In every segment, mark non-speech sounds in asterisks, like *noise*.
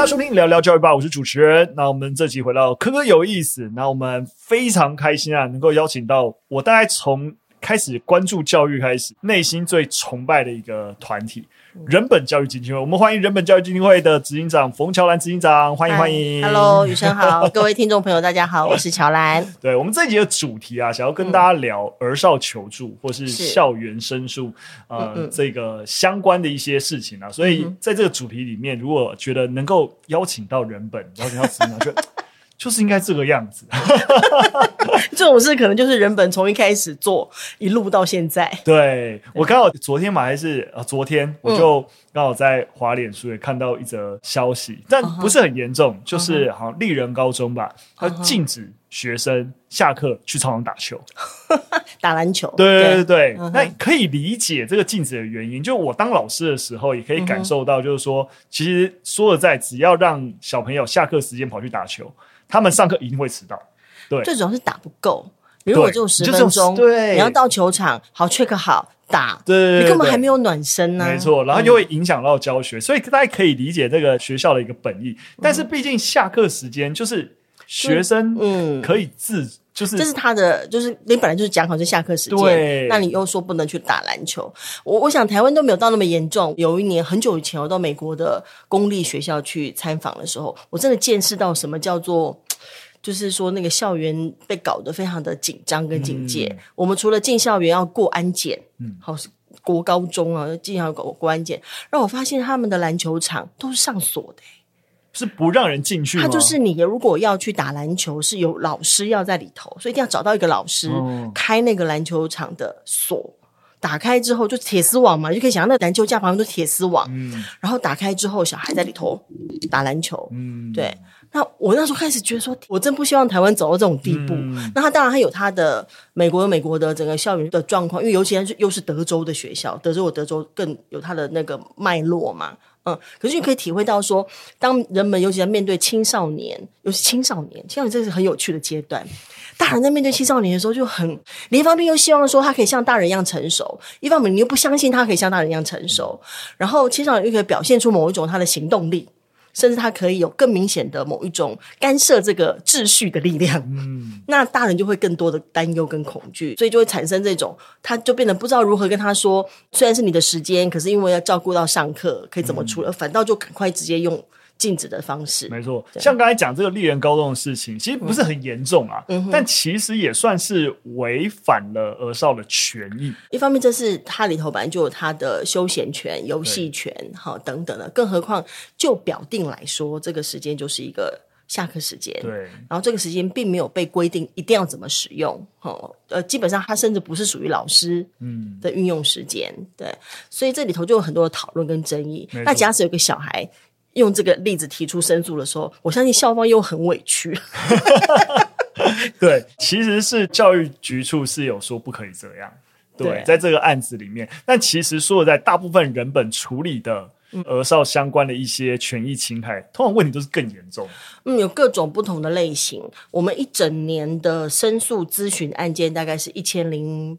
大家收聽聊聊教育吧，我是主持人。那我們這集回到科科有意思，那我們非常開心啊，能夠邀請到我大概從開始關注教育開始，內心最崇拜的一個團體。人本教育基金會，我們歡迎人本教育基金會的執行長馮喬蘭執行長，歡迎歡迎。Hi, hello，宇辰好， *laughs* 各位聽眾朋友，大家好，我是喬蘭。 *laughs* 對，我們這集的主題啊，想要跟大家聊兒少求助、嗯、或是校園申訴啊，這個相關的一些事情啊，所以在這個主題裡面，如果覺得能夠邀請到人本， *laughs* 邀請到執行長，就。 *laughs* 就是應該這個樣子 *laughs* ， *laughs* 這種事可能就是人本從一開始做一路到現在。對，我剛好昨天嘛還是呃昨天我就剛好在滑臉書也看到一則消息，嗯，但不是很嚴重，嗯，就是好像立人高中吧，它，嗯、禁止學生下課去操場打球，嗯、 *laughs* 打籃球。對對對，那、嗯、可以理解這個禁止的原因。就我當老師的時候，也可以感受到，就是說，嗯、其實說實在，只要讓小朋友下課時間跑去打球。他們上課一定會遲到，對，最主要是打不夠，比如我就十分鐘，對就，對，你要到球場，好 check 好打，對，對，對，對，你根本還沒有暖身呢、啊，沒錯，然後又會影響到教學，嗯、所以大家可以理解這個學校的一個本意、嗯。但是畢竟下課時間就是學生嗯、可以自。就是，這是他的，就是你本來就是講好是下課時間，那你又說不能去打籃球。我我想台灣都沒有到那麼嚴重。有一年很久以前，我到美國的公立學校去參訪的時候，我真的見識到什麼叫做，就是說那個校園被搞得非常的緊張跟警戒、嗯。我們除了進校園要過安檢，嗯，好是國高中啊，進校要過安檢，讓我發現他們的籃球場都是上鎖的。是不讓人進去嗎？他就是你如果要去打籃球，是有老師要在裡頭，所以一定要找到一個老師、哦、開那個籃球場的鎖，打開之後就鐵絲網嘛，就可以想象那籃球架旁邊都鐵絲網、嗯，然後打開之後小孩在裡頭打籃球，嗯、對。那我那時候開始覺得說，我真不希望台灣走到這種地步。嗯、那他當然他有他的美國有美國的整個校園的狀況，因為尤其又是又是德州的學校，德州有德州更有他的那個脈絡嘛。嗯，可是你可以體會到說，當人們尤其在面對青少年，尤其是青少年，青少年這是很有趣的階段。大人在面對青少年的時候，就很你一方面又希望說他可以像大人一樣成熟，一方面你又不相信他可以像大人一樣成熟，然後青少年又可以表現出某一種他的行動力。甚至他可以有更明顯的某一種干涉這個秩序的力量，嗯，那大人就會更多的擔憂跟恐懼，所以就會產生這種，他就變得不知道如何跟他說，雖然是你的時間，可是因為要照顧到上課，可以怎麼出來，來反倒就趕快直接用。禁止的方式，沒錯。像剛才講這個利人高中的事情，其實不是很嚴重啊，嗯嗯，但其實也算是違反了兒少的權益。一方面，這是他裡頭本來就有他的休閒權、遊戲權，哈等等的。更何況，就表定來說，這個時間就是一個下課時間，對。然後，這個時間並沒有被規定一定要怎麼使用，哈。呃，基本上他甚至不是屬於老師嗯的運用時間，嗯，對。所以這裡頭就有很多的討論跟爭議。那假使有個小孩。用這個例子提出申訴的時候，我相信校方又很委屈。 *laughs* *laughs* 對，其實是教育局處是有說不可以這樣。對，對，在這個案子裡面，但其實說在大部分人本處理的兒、嗯、少相關的一些權益侵害，通常問題都是更嚴重。嗯，有各種不同的類型。我們一整年的申訴諮詢案件大概是一千零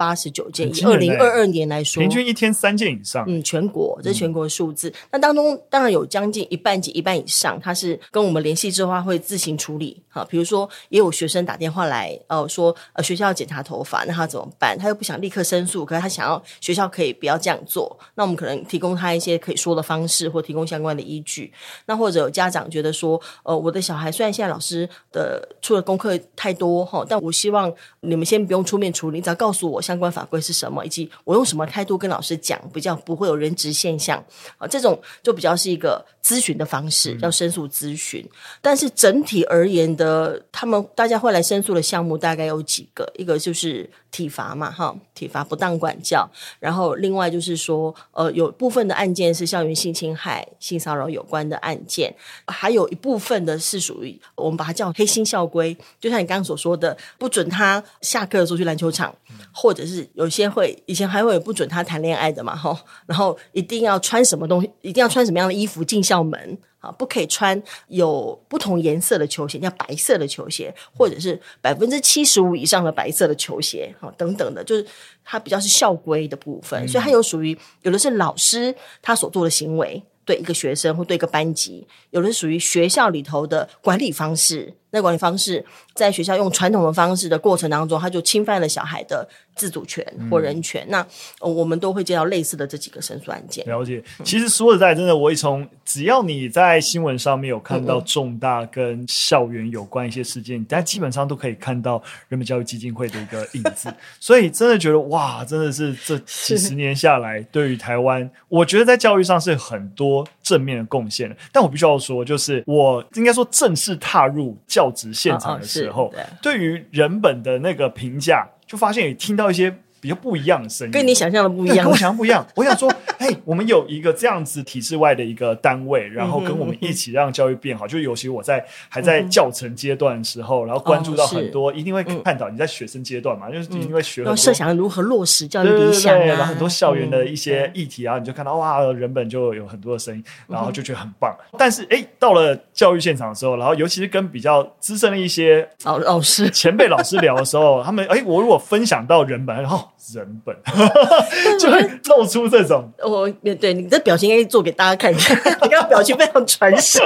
八十九件，以二零二二年來說，平均一天三件以上，欸。嗯，全國，這是全國的數字。嗯，那當中當然有將近一半及一半以上，他是跟我們聯繫之後會自行處理哈。比如說，也有學生打電話來，呃，說呃學校要檢查頭髮，那他怎麼辦？他又不想立刻申訴，可是他想要學校可以不要這樣做。那我們可能提供他一些可以說的方式，或提供相關的依據。那或者有家長覺得說，呃，我的小孩雖然現在老師的出的功課太多哈，但我希望你們先不用出面處理，你只要告訴我，相關法規是什麼？以及我用什麼態度跟老師講，比較不會有人質現象？啊，這種就比較是一個諮詢的方式，叫申訴諮詢。但是整體而言的，他們大家會來申訴的項目大概有幾個，一個就是。體罰嘛，哈，體罰不當管教，然後另外就是說，呃，有部分的案件是校園性侵害、性騷擾有關的案件，還有一部分的是屬於我們把它叫黑心校規，就像你剛剛所說的，不准他下課的時候去籃球場，或者是有些會以前還會有不准他談戀愛的嘛，哈，然後一定要穿什麼東西，一定要穿什麼樣的衣服進校門。啊，不可以穿有不同顏色的球鞋，像白色的球鞋，或者是百分之七十五以上的白色的球鞋，哈，等等的，就是它比較是校規的部分，嗯，所以它有屬於有的是老師他所做的行為，對一個學生或對一個班級，有的是屬於學校裡頭的管理方式。那管理方式，在學校用傳統的方式的過程當中，他就侵犯了小孩的自主權或人權。嗯、那我們都會接到類似的這幾個申訴案件。了解，嗯、其實說實在，真的，我一從只要你在新聞上面有看到重大跟校園有關一些事件，但、嗯嗯、基本上都可以看到人本教育基金會的一個影子。 *laughs* 所以真的覺得，哇，真的是這幾十年下來，對於台灣，我覺得在教育上是很多正面的貢獻。但我必須要說，就是我應該說正式踏入教教職現場的時候，嗯、對於人本的那個評價，就發現也聽到一些比較不一樣的聲音，跟你想象的不一樣。跟我想象不一樣， *laughs* 我想說，哎、欸，我們有一個這樣子體制外的一個單位，然後跟我們一起讓教育變好。就是尤其我在還在教程階段的時候，然後關注到很多，哦、一定會看到你在學生階段嘛，嗯、就是一定會學很多。嗯、然後設想如何落實教育理想啊，對對對，然後很多校園的一些議題啊，嗯、你就看到哇，人本就有很多的聲音，然後就覺得很棒。嗯、但是哎、欸，到了教育現場的時候，然後尤其是跟比較資深的一些老老師、前輩老師聊的時候，哦哦、 *laughs* 他們哎、欸，我如果分享到人本，然、哦、後。人本， *laughs* 就會露出這種。我、 *laughs* 哦、對，你的表情應該做給大家看一下， *laughs* *laughs* 你看表情非常傳神，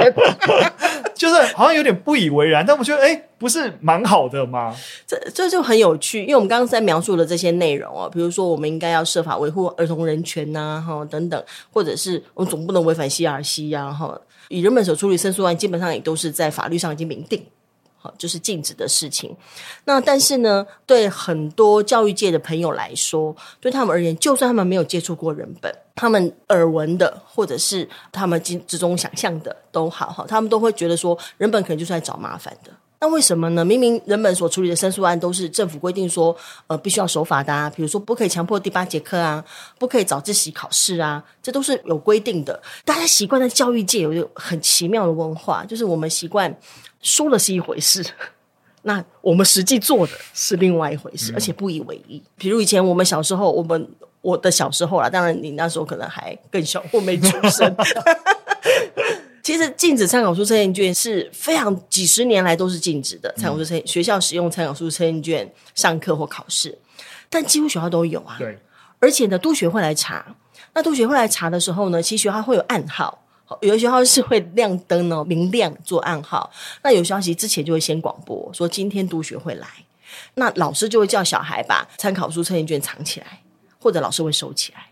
*laughs* 就是好像有點不以為然，但我覺得哎、欸，不是蠻好的嗎？這這就很有趣，因為我們剛剛在描述的這些內容哦，比如說我們應該要設法維護兒童人權吶、啊，哈等等，或者是我們總不能違反 CRC 呀、啊，哈，以人本所處理申訴案，基本上也都是在法律上已經明定。就是禁止的事情。那但是呢，對很多教育界的朋友來說，對他們而言，就算他們沒有接觸過人本，他們耳聞的或者是他們之中想象的都好，他們都會覺得說，人本可能就是在找麻煩的。那為什麼呢？明明人本所處理的申訴案都是政府規定說，呃，必須要守法的啊，比如說不可以強迫第八節課啊，不可以早自習考試啊，這都是有規定的。大家習慣在教育界有一個很奇妙的文化，就是我們習慣。說的是一回事，那我們實際做的是另外一回事，而且不以為意。嗯、比如以前我們小時候，我們我的小時候啦，當然你那時候可能還更小，我沒出生。 *laughs* *laughs* 其實禁止參考書測驗卷是非常幾十年來都是禁止的，參考書測、嗯、學校使用參考書測驗卷上課或考試，但幾乎學校都有啊。對，而且呢，督學會來查，那督學會來查的時候呢，其實學校會有暗號。有些學校是會亮燈哦，明亮做暗號。那有消息之前就會先廣播說今天督學會來，那老師就會叫小孩把參考書測驗卷藏起來，或者老師會收起來。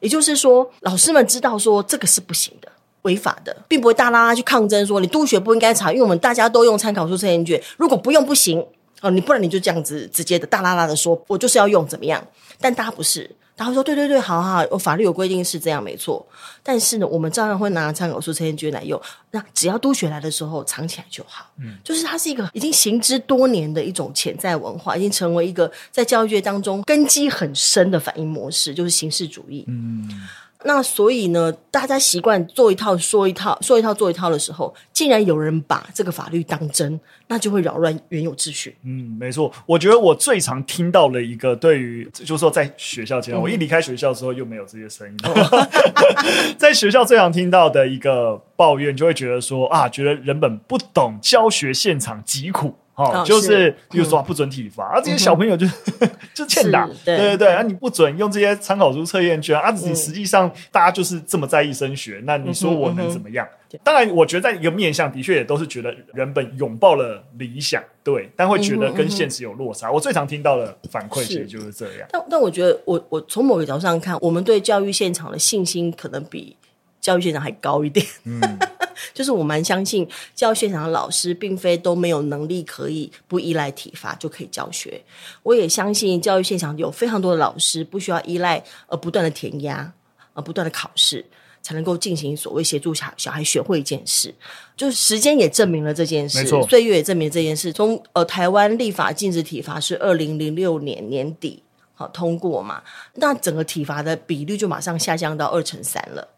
也就是說，老師們知道說這個是不行的，違法的，並不會大拉拉去抗爭說你督學不應該查。因為我們大家都用參考書測驗卷，如果不用不行哦，你不然你就這樣子直接的大拉拉的說，我就是要用怎麼樣？但大家不是。然後說：“對對對，好好，我法律有規定是這樣，沒錯。但是呢，我們照樣會拿參考書、成年卷來用。那只要督學來的時候藏起來就好。嗯，就是它是一個已經行之多年的一種潛在文化，已經成為一個在教育界當中根基很深的反應模式，就是形式主義。”嗯。那所以呢，大家習慣做一套說一套，說一套做一套的時候，竟然有人把這個法律當真，那就會擾亂原有秩序。嗯，沒錯。我覺得我最常聽到了一個對於，就是說在學校在，其、嗯、實我一離開學校之後，又沒有這些聲音。哦、 *laughs* *laughs* *laughs* 在學校最常聽到的一個抱怨，就會覺得說啊，覺得人本不懂教學現場疾苦。哦，哦，就是又、嗯、說不准體罰，而、嗯啊、這些小朋友就是、嗯、 *laughs* 就欠打，是對對對，對啊、你不准用這些參考書測驗卷，啊自己實際上大家就是這麼在意升學，嗯、那你說我能怎麼樣？嗯嗯、當然，我覺得在一個面向，的確也都是覺得人本擁抱了理想，對，但會覺得跟現實有落差。嗯、我最常聽到的反饋其實就是這樣。但但我覺得我，我我從某一條上看，我們對教育現場的信心可能比教育現場還高一點。嗯。 *laughs* 就是我蠻相信，教育現場的老師並非都沒有能力可以不依賴體罰就可以教學。我也相信，教育現場有非常多的老師不需要依賴呃不斷的填壓，呃不斷的考試，才能夠進行所謂協助小小孩學會一件事。就是時間也證明了這件事，歲月也證明這件事。從呃台灣立法禁止體罰是二零零六年年底好通過嘛，那整個體罰的比率就馬上下降到二成三了。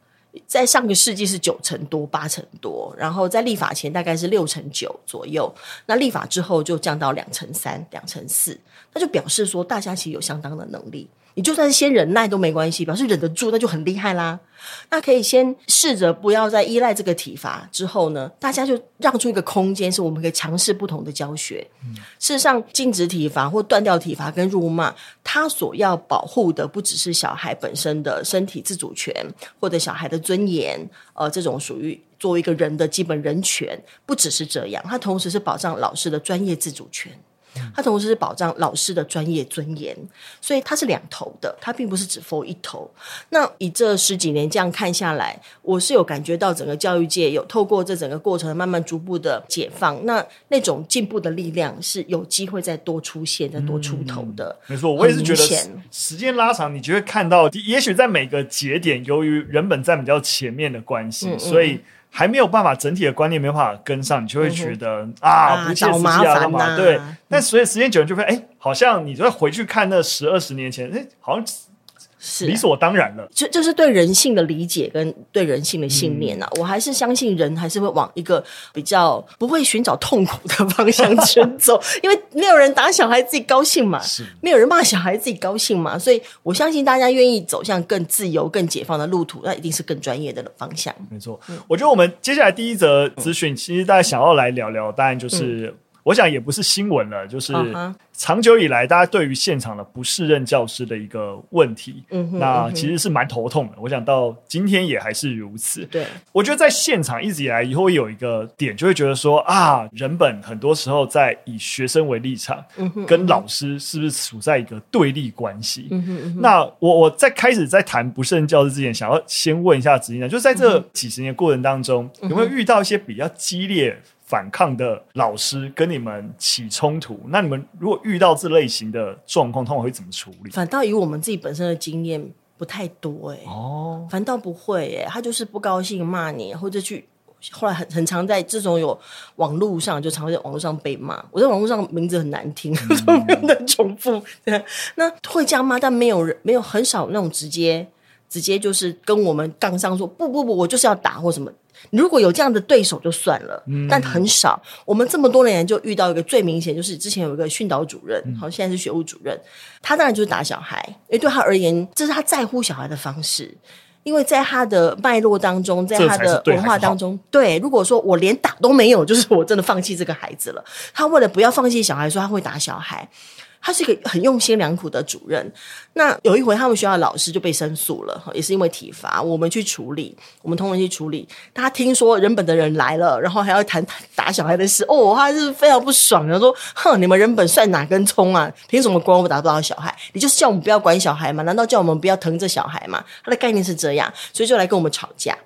在上個世紀是九成多、八成多，然後在立法前大概是六成九左右，那立法之後就降到兩成三、兩成四，那就表示說大家其實有相當的能力。你就算是先忍耐都沒關係，表示忍得住那就很厲害啦。那可以先試着不要再依賴這個體罰，之後呢，大家就讓出一個空間，是我們可以嘗試不同的教學。事實上，禁止體罰或斷掉體罰跟辱罵，它所要保護的不只是小孩本身的身體自主權或者小孩的尊嚴，呃，這種屬於作為一個人的基本人權，不只是這樣，它同時是保障老師的專業自主權。他同時是保障老師的專業尊嚴，所以它是兩頭的，它並不是只 for 一頭。那以這十幾年這樣看下來，我是有感覺到整個教育界有透過這整個過程慢慢逐步的解放，那那種進步的力量是有機會再多出現、嗯、再多出頭的。嗯、沒錯，我也是覺得時間拉長，你就會看到，也許在每個節點，由於人本在比較前面的關係、嗯嗯，所以。還沒有辦法，整體的觀念沒有辦法跟上，你就會覺得、嗯、啊，不、啊、像，實嘛、啊啊啊，對。那、嗯、所以時間久了就會，哎、欸，好像你就會回去看那十二十年前，哎、欸，好像。是理所當然了，就就是對人性的理解跟對人性的信念吶、啊嗯。我還是相信人還是會往一個比較不會尋找痛苦的方向前走， *laughs* 因為沒有人打小孩自己高興嘛是，沒有人罵小孩自己高興嘛，所以我相信大家願意走向更自由、更解放的路途，那一定是更專業的方向。沒、嗯、錯，我覺得我們接下來第一則資訊，其實大家想要來聊聊，當然就是。我想也不是新聞了，就是長久以來大家對於現場的不適任教師的一個問題，uh -huh. 那其實是蠻頭痛的。我想到今天也還是如此。對、uh -huh.，我覺得在現場一直以來，以後有一個點就會覺得說啊，人本很多時候在以學生為立場，uh -huh. 跟老師是不是處在一個對立關係？Uh -huh. 那我我在開始在談不適任教師之前，想要先問一下執行長，就是在這幾十年過程當中，uh -huh. 有沒有遇到一些比較激烈、反抗的老師跟你們起衝突，那你們如果遇到這類型的狀況，通常會怎麼處理？反倒以我們自己本身的經驗不太多哎、欸，哦，反倒不會哎、欸，他就是不高興罵你，或者去後來很很常在這種有網絡上就常會在網絡上被罵，我在網絡上名字很難聽，說、嗯、重複，那會這樣罵，但沒有人沒有很少那種直接直接就是跟我們槓上說不不不，我就是要打或什麼。如果有這樣的對手就算了，嗯，但很少。我們這麼多年就遇到一個最明顯，就是之前有一個訓導主任，好，嗯，現在是學務主任，他當然就是打小孩。因為對他而言，這是他在乎小孩的方式，因為在他的脈絡當中，在他的文化當中對，對。如果說我連打都沒有，就是我真的放棄這個孩子了。他為了不要放棄小孩，說他會打小孩。他是一個很用心良苦的主任。那有一回，他們學校的老師就被申訴了，也是因為體罰。我們去處理，我們同仁去處理。大家聽說人本的人來了，然後還要談打小孩的事，哦，他是非常不爽。然後說：“哼，你們人本算哪根蔥啊？憑什麼管我打不到小孩？你就是叫我們不要管小孩嘛？難道叫我們不要疼着小孩嗎？”他的概念是這樣，所以就來跟我們吵架。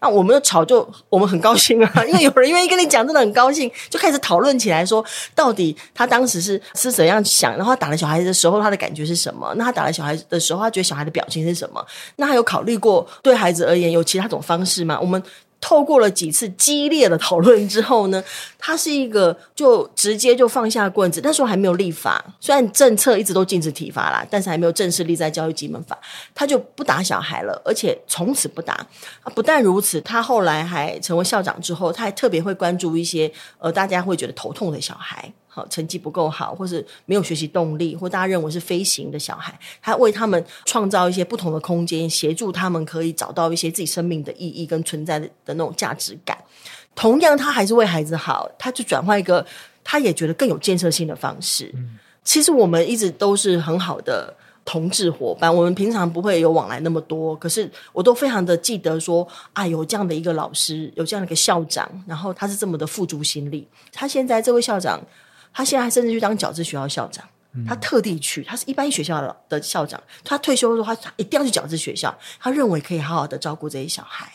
那我們的吵就，就我們很高興啊，因為有人願意跟你講，真的很高興，就開始討論起來說，說到底他當時是是怎樣想，然後打了小孩子的時候，他的感覺是什麼？那他打了小孩子的時候，他覺得小孩的表情是什麼？那他有考慮過對孩子而言有其他種方式嗎？我們。透過了幾次激烈的討論之後呢，他是一個就直接就放下棍子。那時候還沒有立法，雖然政策一直都禁止體罰啦，但是還沒有正式立在教育基本法，他就不打小孩了，而且從此不打。不但如此，他後來還成為校長之後，他還特別會關注一些，呃，大家會覺得頭痛的小孩。好，成績不夠好，或是沒有學習動力，或大家認為是非行的小孩，他為他們創造一些不同的空間，協助他們可以找到一些自己生命的意義跟存在的那種價值感。同樣，他還是為孩子好，他就轉換一個他也覺得更有建設性的方式。嗯。其實我們一直都是很好的同志夥伴，我們平常不會有往來那麼多，可是我都非常的記得說，啊，有這樣的一個老師，有這樣的一個校長，然後他是這麼的付諸心力。他現在這位校長。他現在還甚至去當矯正學校校長，他特地去，他是一般學校的校長，他退休的時候，他一定要去矯正學校，他認為可以好好的照顧這些小孩，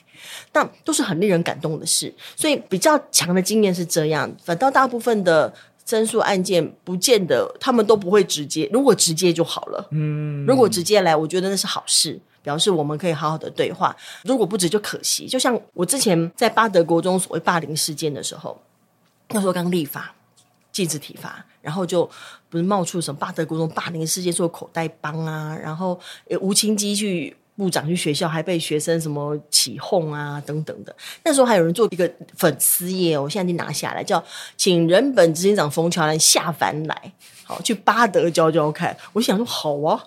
但都是很令人感動的事。所以比較強的經驗是這樣，反倒大部分的申訴案件不見得他們都不會直接，如果直接就好了。嗯，如果直接來，我覺得那是好事，表示我們可以好好的對話。如果不直接就可惜。就像我之前在八德國中所謂霸凌事件的時候，那時候剛立法。禁止體罰，然後就不是冒出什麼八德國中霸凌事件做口袋幫啊，然後吳清基去部長去學校還被學生什麼起鬨啊等等的。那時候還有人做一個粉絲頁，我現在就拿下來，叫請人本執行長馮喬蘭下凡來，好去八德教教看。我想說好啊，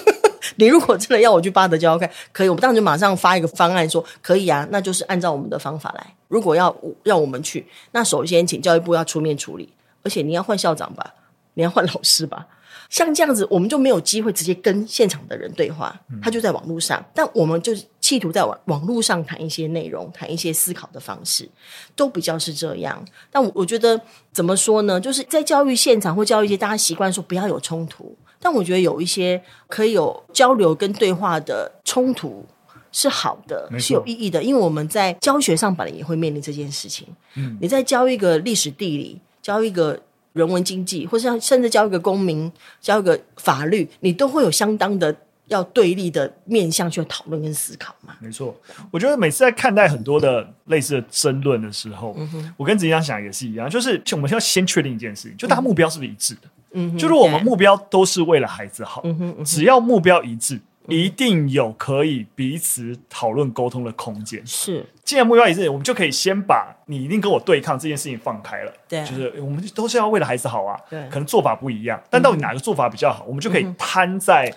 *laughs* 你如果真的要我去八德教教看，可以，我們當然就馬上發一個方案說可以啊，那就是按照我們的方法來。如果要讓我們去，那首先請教育部要出面處理。而且你要換校長吧，你要換老師吧。像這樣子，我們就沒有機會直接跟現場的人對話，他就在網絡上。但我們就企圖在網網絡上談一些內容，談一些思考的方式，都比較是這樣。但我我覺得怎麼說呢？就是在教育現場或教育界，大家習慣說不要有衝突，但我覺得有一些可以有交流跟對話的衝突是好的，是有意義的，因為我們在教學上本來也會面臨這件事情。嗯，你在教一個歷史地理。教一個人文經濟，或者甚至教一個公民，教一個法律，你都會有相當的要對立的面向去討論跟思考嘛？沒錯，我覺得每次在看待很多的類似的爭論的時候，嗯、我跟子怡想也是一樣，就是我們要先確定一件事情，就大家目標是不是一致的？嗯，就是我們目標都是為了孩子好，嗯、只要目標一致、嗯，一定有可以彼此討論溝通的空間。是。現在目標也是，我們就可以先把你一定跟我對抗這件事情放開了，對，就是我們都是要為了孩子好啊，對，可能做法不一樣，但到底哪個做法比較好，嗯、我們就可以攤在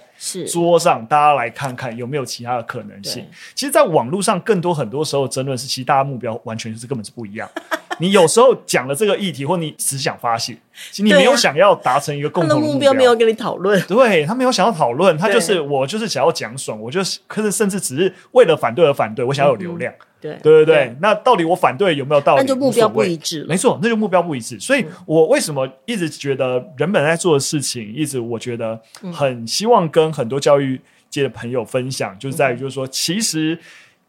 桌上，大家來看看有沒有其他的可能性。其實，在網絡上，更多很多時候爭論是，其實大家目標完全就是根本是不一樣。 *laughs* 你有時候講了這個議題，或你只想發泄，其實你沒有想要達成一個共同的目標，目標沒有跟你討論，對他沒有想要討論，他就是我就是想要講爽，我就是可是甚至只是為了反對而反對，我想要有流量。嗯嗯對對對，對那到底我反對有沒有道理？那就目標不一致，沒錯，那就目標不一致。所以，我為什麼一直覺得人本在做的事情、嗯，一直我覺得很希望跟很多教育界的朋友分享，嗯、就是在於，就是說，其實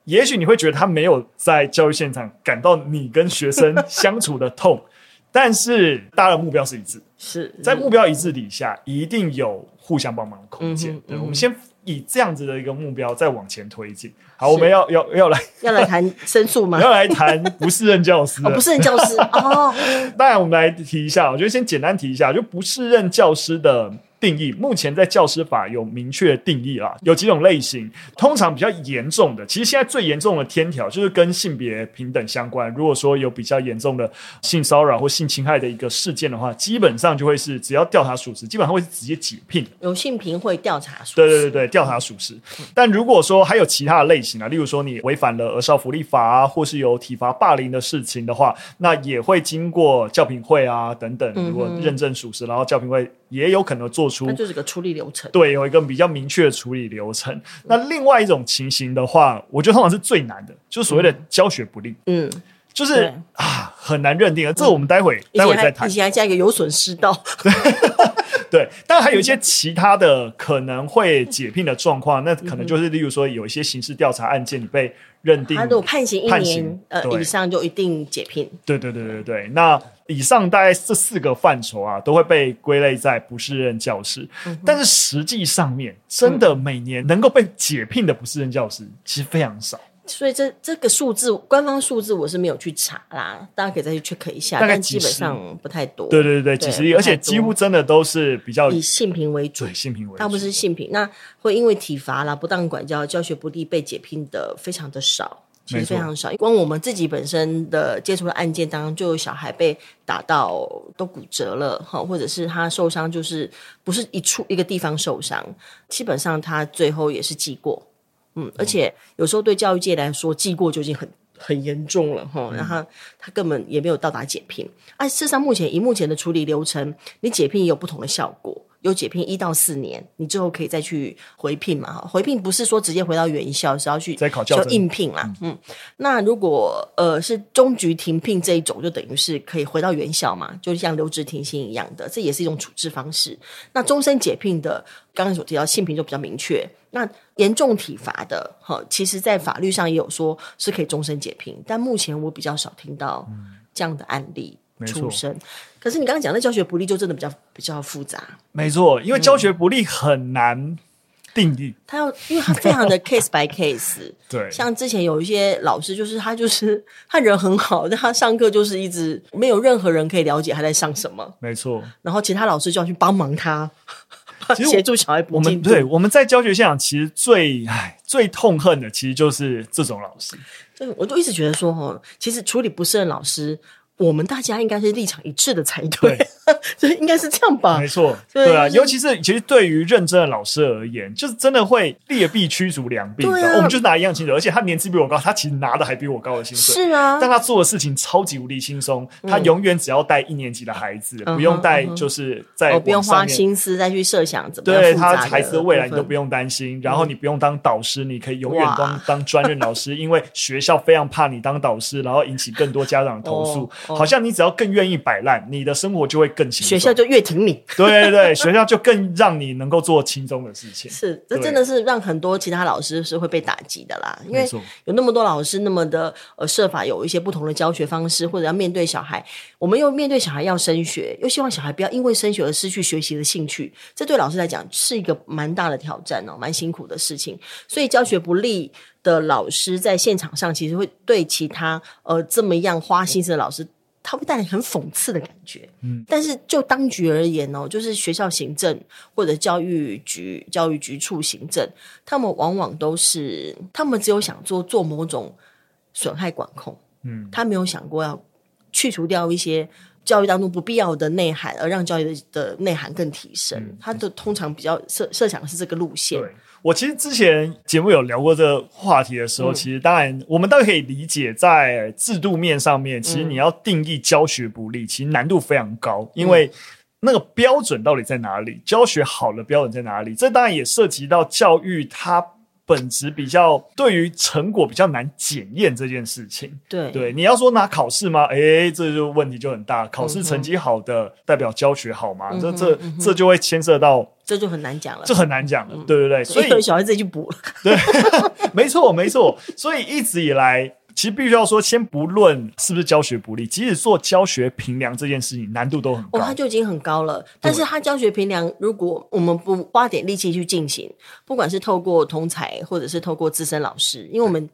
也許你會覺得他沒有在教育現場感到你跟學生相處的痛， *laughs* 但是大家的目標是一致，是、嗯、在目標一致底下，一定有互相幫忙的空間。嗯嗯、對，我們先。以這樣子的一個目標再往前推進，好，我們要要要來要來談申訴嗎？要來談 *laughs* 不適任教師、 *laughs* 哦，不適任教師哦。 *laughs* 當然我們來提一下，我覺得先簡單提一下，就不適任教師的。定義目前在教師法有明確的定義啦，有幾種類型。通常比較嚴重的，其實現在最嚴重的天條就是跟性別平等相關。如果說有比較嚴重的性騷擾或性侵害的一個事件的話，基本上就會是只要調查屬實，基本上會是直接解聘。有性評會調查屬實，對對對，調查屬實。嗯。但如果說還有其他的類型啊，例如說你違反了兒少福利法啊，或是有體罰霸凌的事情的話，那也會經過教評會啊等等。如果認證屬實，然後教評會。嗯也有可能做出，就是個處理流程。對，有一個比較明確的處理流程。那另外一種情形的話，我覺得通常是最難的，就是所謂的教學不力。嗯，就是啊，很難認定啊。這我們待會、嗯、待會再談。你先來加一個有損失道。對 *laughs* 對，但還有一些其他的可能會解聘的狀況，嗯、那可能就是例如說有一些刑事調查案件，你被認定他如果判刑一年刑呃以上，就一定解聘。對對對對對，那以上大概這四個範疇啊，都會被歸類在不適任教師、嗯。但是實際上面，真的每年能夠被解聘的不適任教師、嗯、其實非常少。所以這這個數字，官方數字我是沒有去查啦，大家可以再去 check 一下。但基本上不太多。對對對對，幾十億，而且幾乎真的都是比較以性平為主，對性平為主。它不是性平，那會因為體罰啦、不當管教、教學不力被解聘的非常的少，其實非常少。光我們自己本身的接觸的案件當中，就有小孩被打到都骨折了哈，或者是他受傷，就是不是一處一個地方受傷，基本上他最後也是記過。嗯，而且有時候對教育界來說，記過就已經很很嚴重了哈，嗯，然後他根本也沒有到達解聘。啊，事實上目前以目前的處理流程，你解聘也有不同的效果。有解聘一到四年，你最後可以再去回聘嘛？哈，回聘不是說直接回到原校，是要去就應聘啦。嗯，嗯，那如果呃是終局停聘這一種，就等於是可以回到原校嘛？就像留職停薪一樣的，這也是一種處置方式。那終身解聘的，剛剛所提到性平就比較明確。那嚴重體罰的，哈，其實，在法律上也有說是可以終身解聘，但目前我比較少聽到這樣的案例出生。嗯可是你剛剛講，那教學不力就真的比較比較複雜。沒錯，因為教學不力很難定義。嗯、他要，因為他非常的 case by case。 *laughs* 對。像之前有一些老師，就是他就是他人很好，但他上課就是一直沒有任何人可以了解他在上什麼。沒錯。然後其他老師就要去幫忙他，協助小孩補進度。我們，對，我們在教學現場其實最唉最痛恨的，其實就是這種老師。對，我都一直覺得說哈，其實處理不善老師。我們大家應該是立場一致的才對，對， *laughs* 所以應該是這樣吧？沒錯，對啊，尤其是其實對於認真的老師而言， *laughs* 就是真的會劣幣驅逐良幣。對、啊哦、我們就拿一樣薪水、嗯，而且他年資比我高，他其實拿的還比我高的薪水。是啊，但他做的事情超級無力輕鬆、嗯，他永遠只要帶一年級的孩子，嗯帶孩子嗯、不用帶，就是在、嗯嗯哦、不用花心思再去設想怎麼的對他孩子的未來，你都不用擔心。然後你不用當導師，嗯、你可以永遠當當專任老師，因為學校非常怕你當導師， *laughs* 然後引起更多家長的投訴。哦 Oh. 好像你只要更願意擺爛，你的生活就會更輕鬆。學校就越挺你。 *laughs* 對對對，學校就更讓你能夠做輕鬆的事情。 *laughs* 是，這真的是讓很多其他老師是會被打擊的啦，因為有那麼多老師那麼的呃設法有一些不同的教學方式，或者要面對小孩。我們又面對小孩要升學，又希望小孩不要因為升學而失去學習的興趣，這對老師來講是一個蠻大的挑戰哦，蠻辛苦的事情。所以教學不力，嗯的老師在現場上，其實會對其他呃這麼樣花心思的老師，他會帶來很諷刺的感覺。嗯，但是就當局而言哦，就是學校行政或者教育局、教育局處行政，他們往往都是他們只有想做做某種損害管控，嗯，他沒有想過要去除掉一些教育當中不必要的內涵，而讓教育的的內涵更提升。嗯嗯，他的通常比較設設想的是這個路線。我其實之前節目有聊過這個話題的時候，嗯、其實當然我們大概可以理解，在制度面上面，嗯，其實你要定義教學不力，其實難度非常高，因為那個標準到底在哪裡？嗯、教學好的標準在哪裡？這當然也涉及到教育它。本質比較對於成果比較難檢驗這件事情，對對，你要說拿考試嗎？誒、欸、這就問題就很大。考試成績好的代表教學好嗎？嗯、這這這就會牽涉到、嗯，這就很難講了，這很難講了，嗯、對不對,對？所以小孩自己去補。對， *laughs* *laughs* 沒錯沒錯，所以一直以來。其實必須要說，先不論是不是教學不力。即使做教學評量這件事情，難度都很高。哦，他就已經很高了。但是他教學評量，如果我們不花點力氣去進行，不管是透過同儕，或者是透過資深老師，因為我們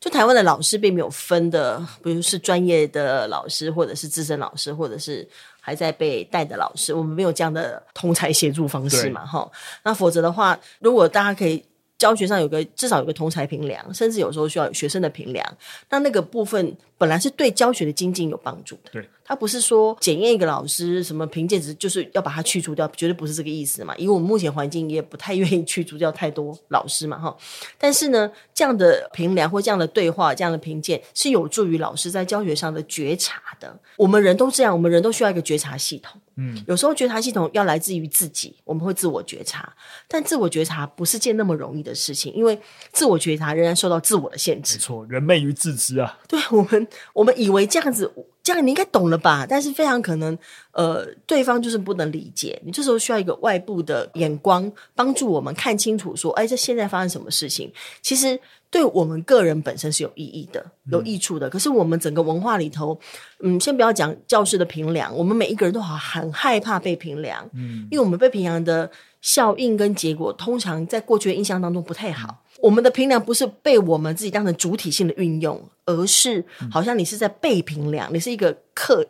就台灣的老師並沒有分的，比如是專業的老師，或者是資深老師，或者是還在被帶的老師，我們沒有這樣的同儕協助方式嘛？吼，那否則的話，如果大家可以。教學上有個，至少有個同儕評量，甚至有時候需要學生的評量。那那個部分本來是對教學的精進有幫助的。他不是說檢驗一個老師什麼評鑑值，就是要把他去除掉，絕對不是這個意思嘛。因為我們目前環境也不太願意去除掉太多老師嘛，哈。但是呢，這樣的評量或這樣的對話、這樣的評鑑，是有助於老師在教學上的覺察的。我們人都這樣，我們人都需要一個覺察系統。嗯，有時候覺察系統要來自於自己，我們會自我覺察，但自我覺察不是件那麼容易的事情，因為自我覺察仍然受到自我的限制。沒錯，人昧於自知啊。對我們，我們以為這樣子。這樣你應該懂了吧？但是非常可能，呃，對方就是不能理解。你這時候需要一個外部的眼光幫助我們看清楚，說，哎，這現在發生什麼事情？其實對我們個人本身是有意義的、有益處的。嗯、可是我們整個文化裡頭，嗯，先不要講教室的評量，我們每一個人都好很害怕被評量，嗯，因為我們被評量的效應跟結果，通常在過去的印象當中不太好。嗯我們的評量不是被我們自己當成主體性的運用，而是好像你是在被評量，嗯、你是一個客，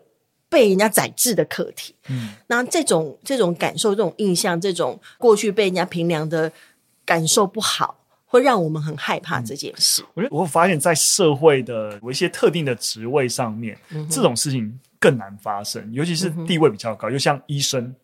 被人家宰制的客體。嗯，那這種這種感受，這種印象，這種過去被人家評量的感受不好，會讓我們很害怕這件事。我會發現，在社會的有一些特定的職位上面，嗯，這種事情更難發生，尤其是地位比較高，嗯、就像醫生、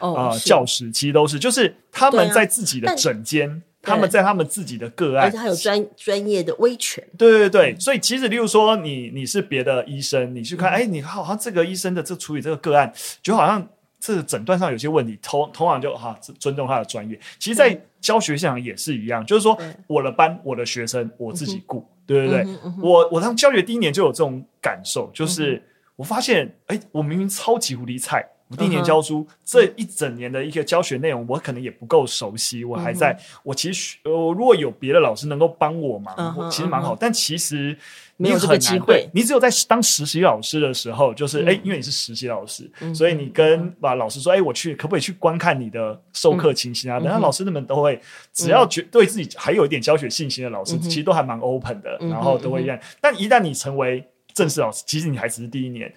嗯呃、教師，其實都是，就是他們在自己的診間。他們在他們自己的個案，而且他有專專業的威權。對對對，嗯、所以其實，例如說你，你你是別的醫生，你去看，嗯、哎，你好像這個醫生的這處理這個個案，就好像這個診斷上有些問題，通通常就哈、啊、尊重他的專業。其實，在教學現場也是一樣，嗯、就是說，我的班，我的學生，我自己顧，嗯、對不對？嗯哼嗯哼，我我當教學第一年就有這種感受，就是我發現，嗯、哎，我明明超級無敵菜。第一年教書，這一整年的一些教學內容，我可能也不夠熟悉。我還在我其實呃，如果有別的老師能夠幫我忙，我其實蠻好。但其實沒有這個機會，你只有在當實習老師的時候，就是哎，因為你是實習老師，所以你跟啊老師說，哎，我去可不可以去觀看你的授課情形啊？然後老師他們都會，只要覺對自己還有一點教學信心的老師，其實都還蠻 open 的，然後都會讓。但一旦你成為正式老師，其實你還只是第一年。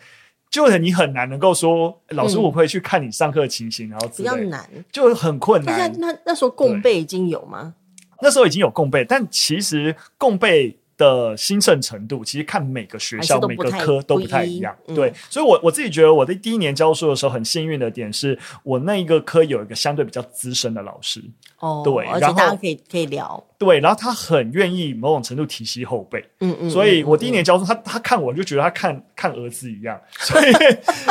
就你很難能夠說老師，我會去看你上課的情形，嗯、然後比較難，就很困難。那那那時候共備已經有嗎？那時候已經有共備，但其實共備。的興盛程度，其實看每個學校每個科都不太一樣。一嗯、對，所以我，我我自己覺得，我在第一年教書的時候，很幸運的點是我那一個科有一個相對比較資深的老師。哦，對，然後大家可以可以聊。對，然後他很願意某種程度提攜後輩。嗯嗯。所以，我第一年教書，嗯、他他看我就覺得他看看兒子一樣，所以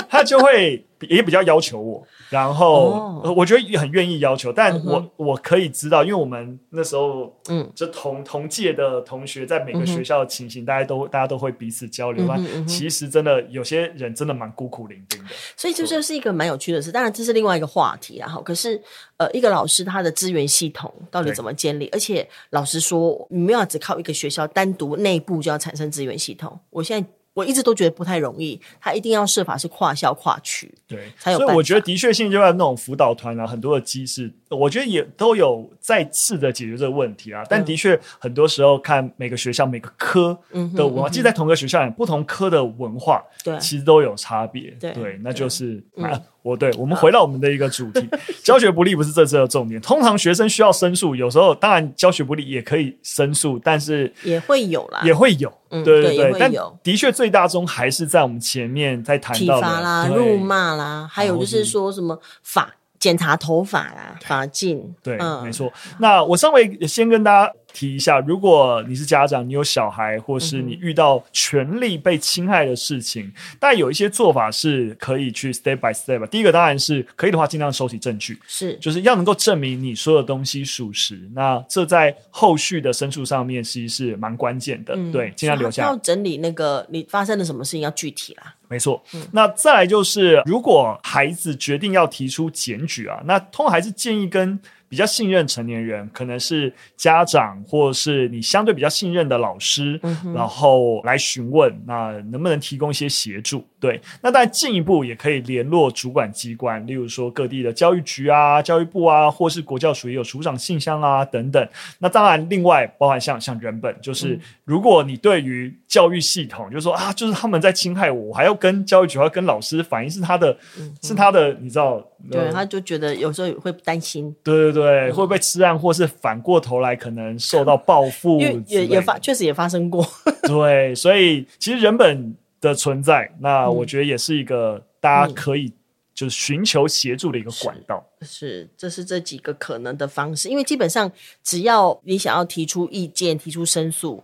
他就會。 *laughs* 也比較要求我，然後我覺得也很願意要求，哦、但我、嗯、我可以知道，因為我們那時候，嗯，就同同屆的同學在每個學校的情形大，大家都大家都會彼此交流、嗯、其實真的、嗯、有些人真的蠻孤苦伶仃的，所以這就是一個蠻有趣的事。當然這是另外一個話題，然後可是呃，一個老師他的資源系統到底怎麼建立？而且老實說，你沒有只靠一個學校單獨內部就要產生資源系統。我現在。我一直都覺得不太容易，他一定要設法是跨校跨區，對才有。所以我覺得，的確性教育那種輔導團啊，很多的機制，我覺得也都有再次的解決這個問題啊。嗯、但的確，很多時候看每個學校每個科的文化，即、嗯、使在同個學校裡、嗯，不同科的文化，對、嗯、其實都有差別。對，對對那就是。我對，我們回到我們的一個主題、啊，教學不力不是這次的重點。 *laughs* 通常學生需要申訴，有時候當然教學不力也可以申訴，但是也會有，也會有啦，也會有，嗯，對對對，也會有，但有的確最大宗還是在我們前面在談到的體罰啦、辱罵啦，還有就是說什麼法、嗯、檢查頭髮啦、髮禁，對，嗯、沒錯、啊。那我稍微先跟大家。提一下，如果你是家長，你有小孩，或是你遇到權利被侵害的事情，嗯，但有一些做法是可以去 step by step。第一個當然是可以的話，盡量收集證據，是就是要能夠證明你說的東西屬實。那這在後續的申訴上面其實是蠻關鍵的，嗯。對，盡量留下。嗯，要整理那個你發生了什麼事情，要具體啦。沒錯，嗯。那再來就是，如果孩子決定要提出檢舉啊，那通常還是建議跟。比較信任成年人，可能是家長或是你相對比較信任的老師，嗯、然後來詢問，那能不能提供一些協助？對，那再進一步也可以聯絡主管機關，例如說各地的教育局啊、教育部啊，或是國教署也有署長信箱啊等等。那當然，另外包含像像原本就是，如果你對於教育系統、嗯、就是說啊，就是他們在侵害我，我還要跟教育局，還要跟老師反映是他的、嗯，是他的，你知道。對、嗯，他就覺得有時候會擔心，對對對，嗯、會不會吃案或，是反過頭來可能受到報復，因為也也發，確實也發生過。 *laughs* 對，所以其實人本的存在，那我覺得也是一個大家可以就是尋求協助的一個管道、嗯嗯，是。是，這是這幾個可能的方式，因為基本上只要你想要提出意見、提出申訴。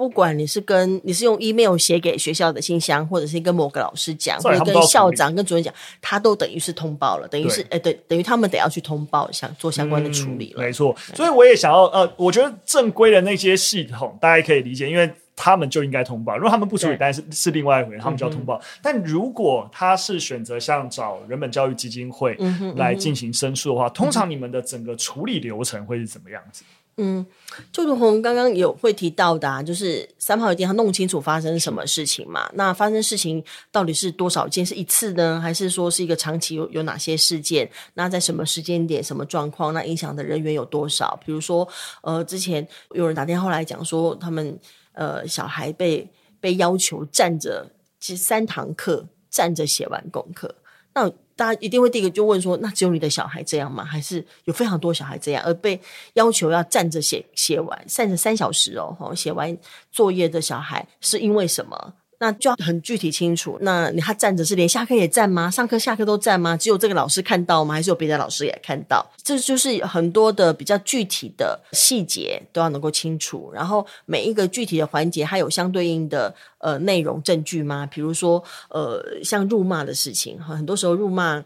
不管你是跟你是用 email 寫給學校的信箱，或者是跟某個老師講，或者跟校長、跟主任講，他都等於是通報了，等於是哎、欸，對，等於他們得要去通報，想做相關的處理了。嗯、沒錯，所以我也想要呃，我覺得正規的那些系統大家可以理解，因為他們就應該通報。如果他們不處理，但是是另外一回事，他們就要通報、嗯。但如果他是選擇像找人本教育基金會來進行申訴的話，嗯嗯、通常你們的整個處理流程會是怎麼樣子？嗯，就如紅剛剛有會提到的，啊，就是三號一定要弄清楚發生什麼事情嘛，那發生事情到底是多少件，是一次呢？還是說是一個長期有有哪些事件？那在什麼時間點、什麼狀況？那影響的人員有多少？比如說，呃，之前有人打電話來講說，他們呃小孩被被要求站着，其實三堂課站着寫完功課，那大家一定會第一個就問說，那只有你的小孩這樣嗎？還是有非常多小孩這樣？而被要求要站着寫，寫完，站着三小時哦，寫完作業的小孩是因為什麼？那就要很具體清楚。那他站着是連下課也站嗎？上課下課都站嗎？只有這個老師看到嗎？還是有別的老師也看到？這就是很多的比較具體的細節都要能夠清楚。然後每一個具體的環節，它有相對應的呃內容證據嗎？比如說呃像辱罵的事情，很多時候辱罵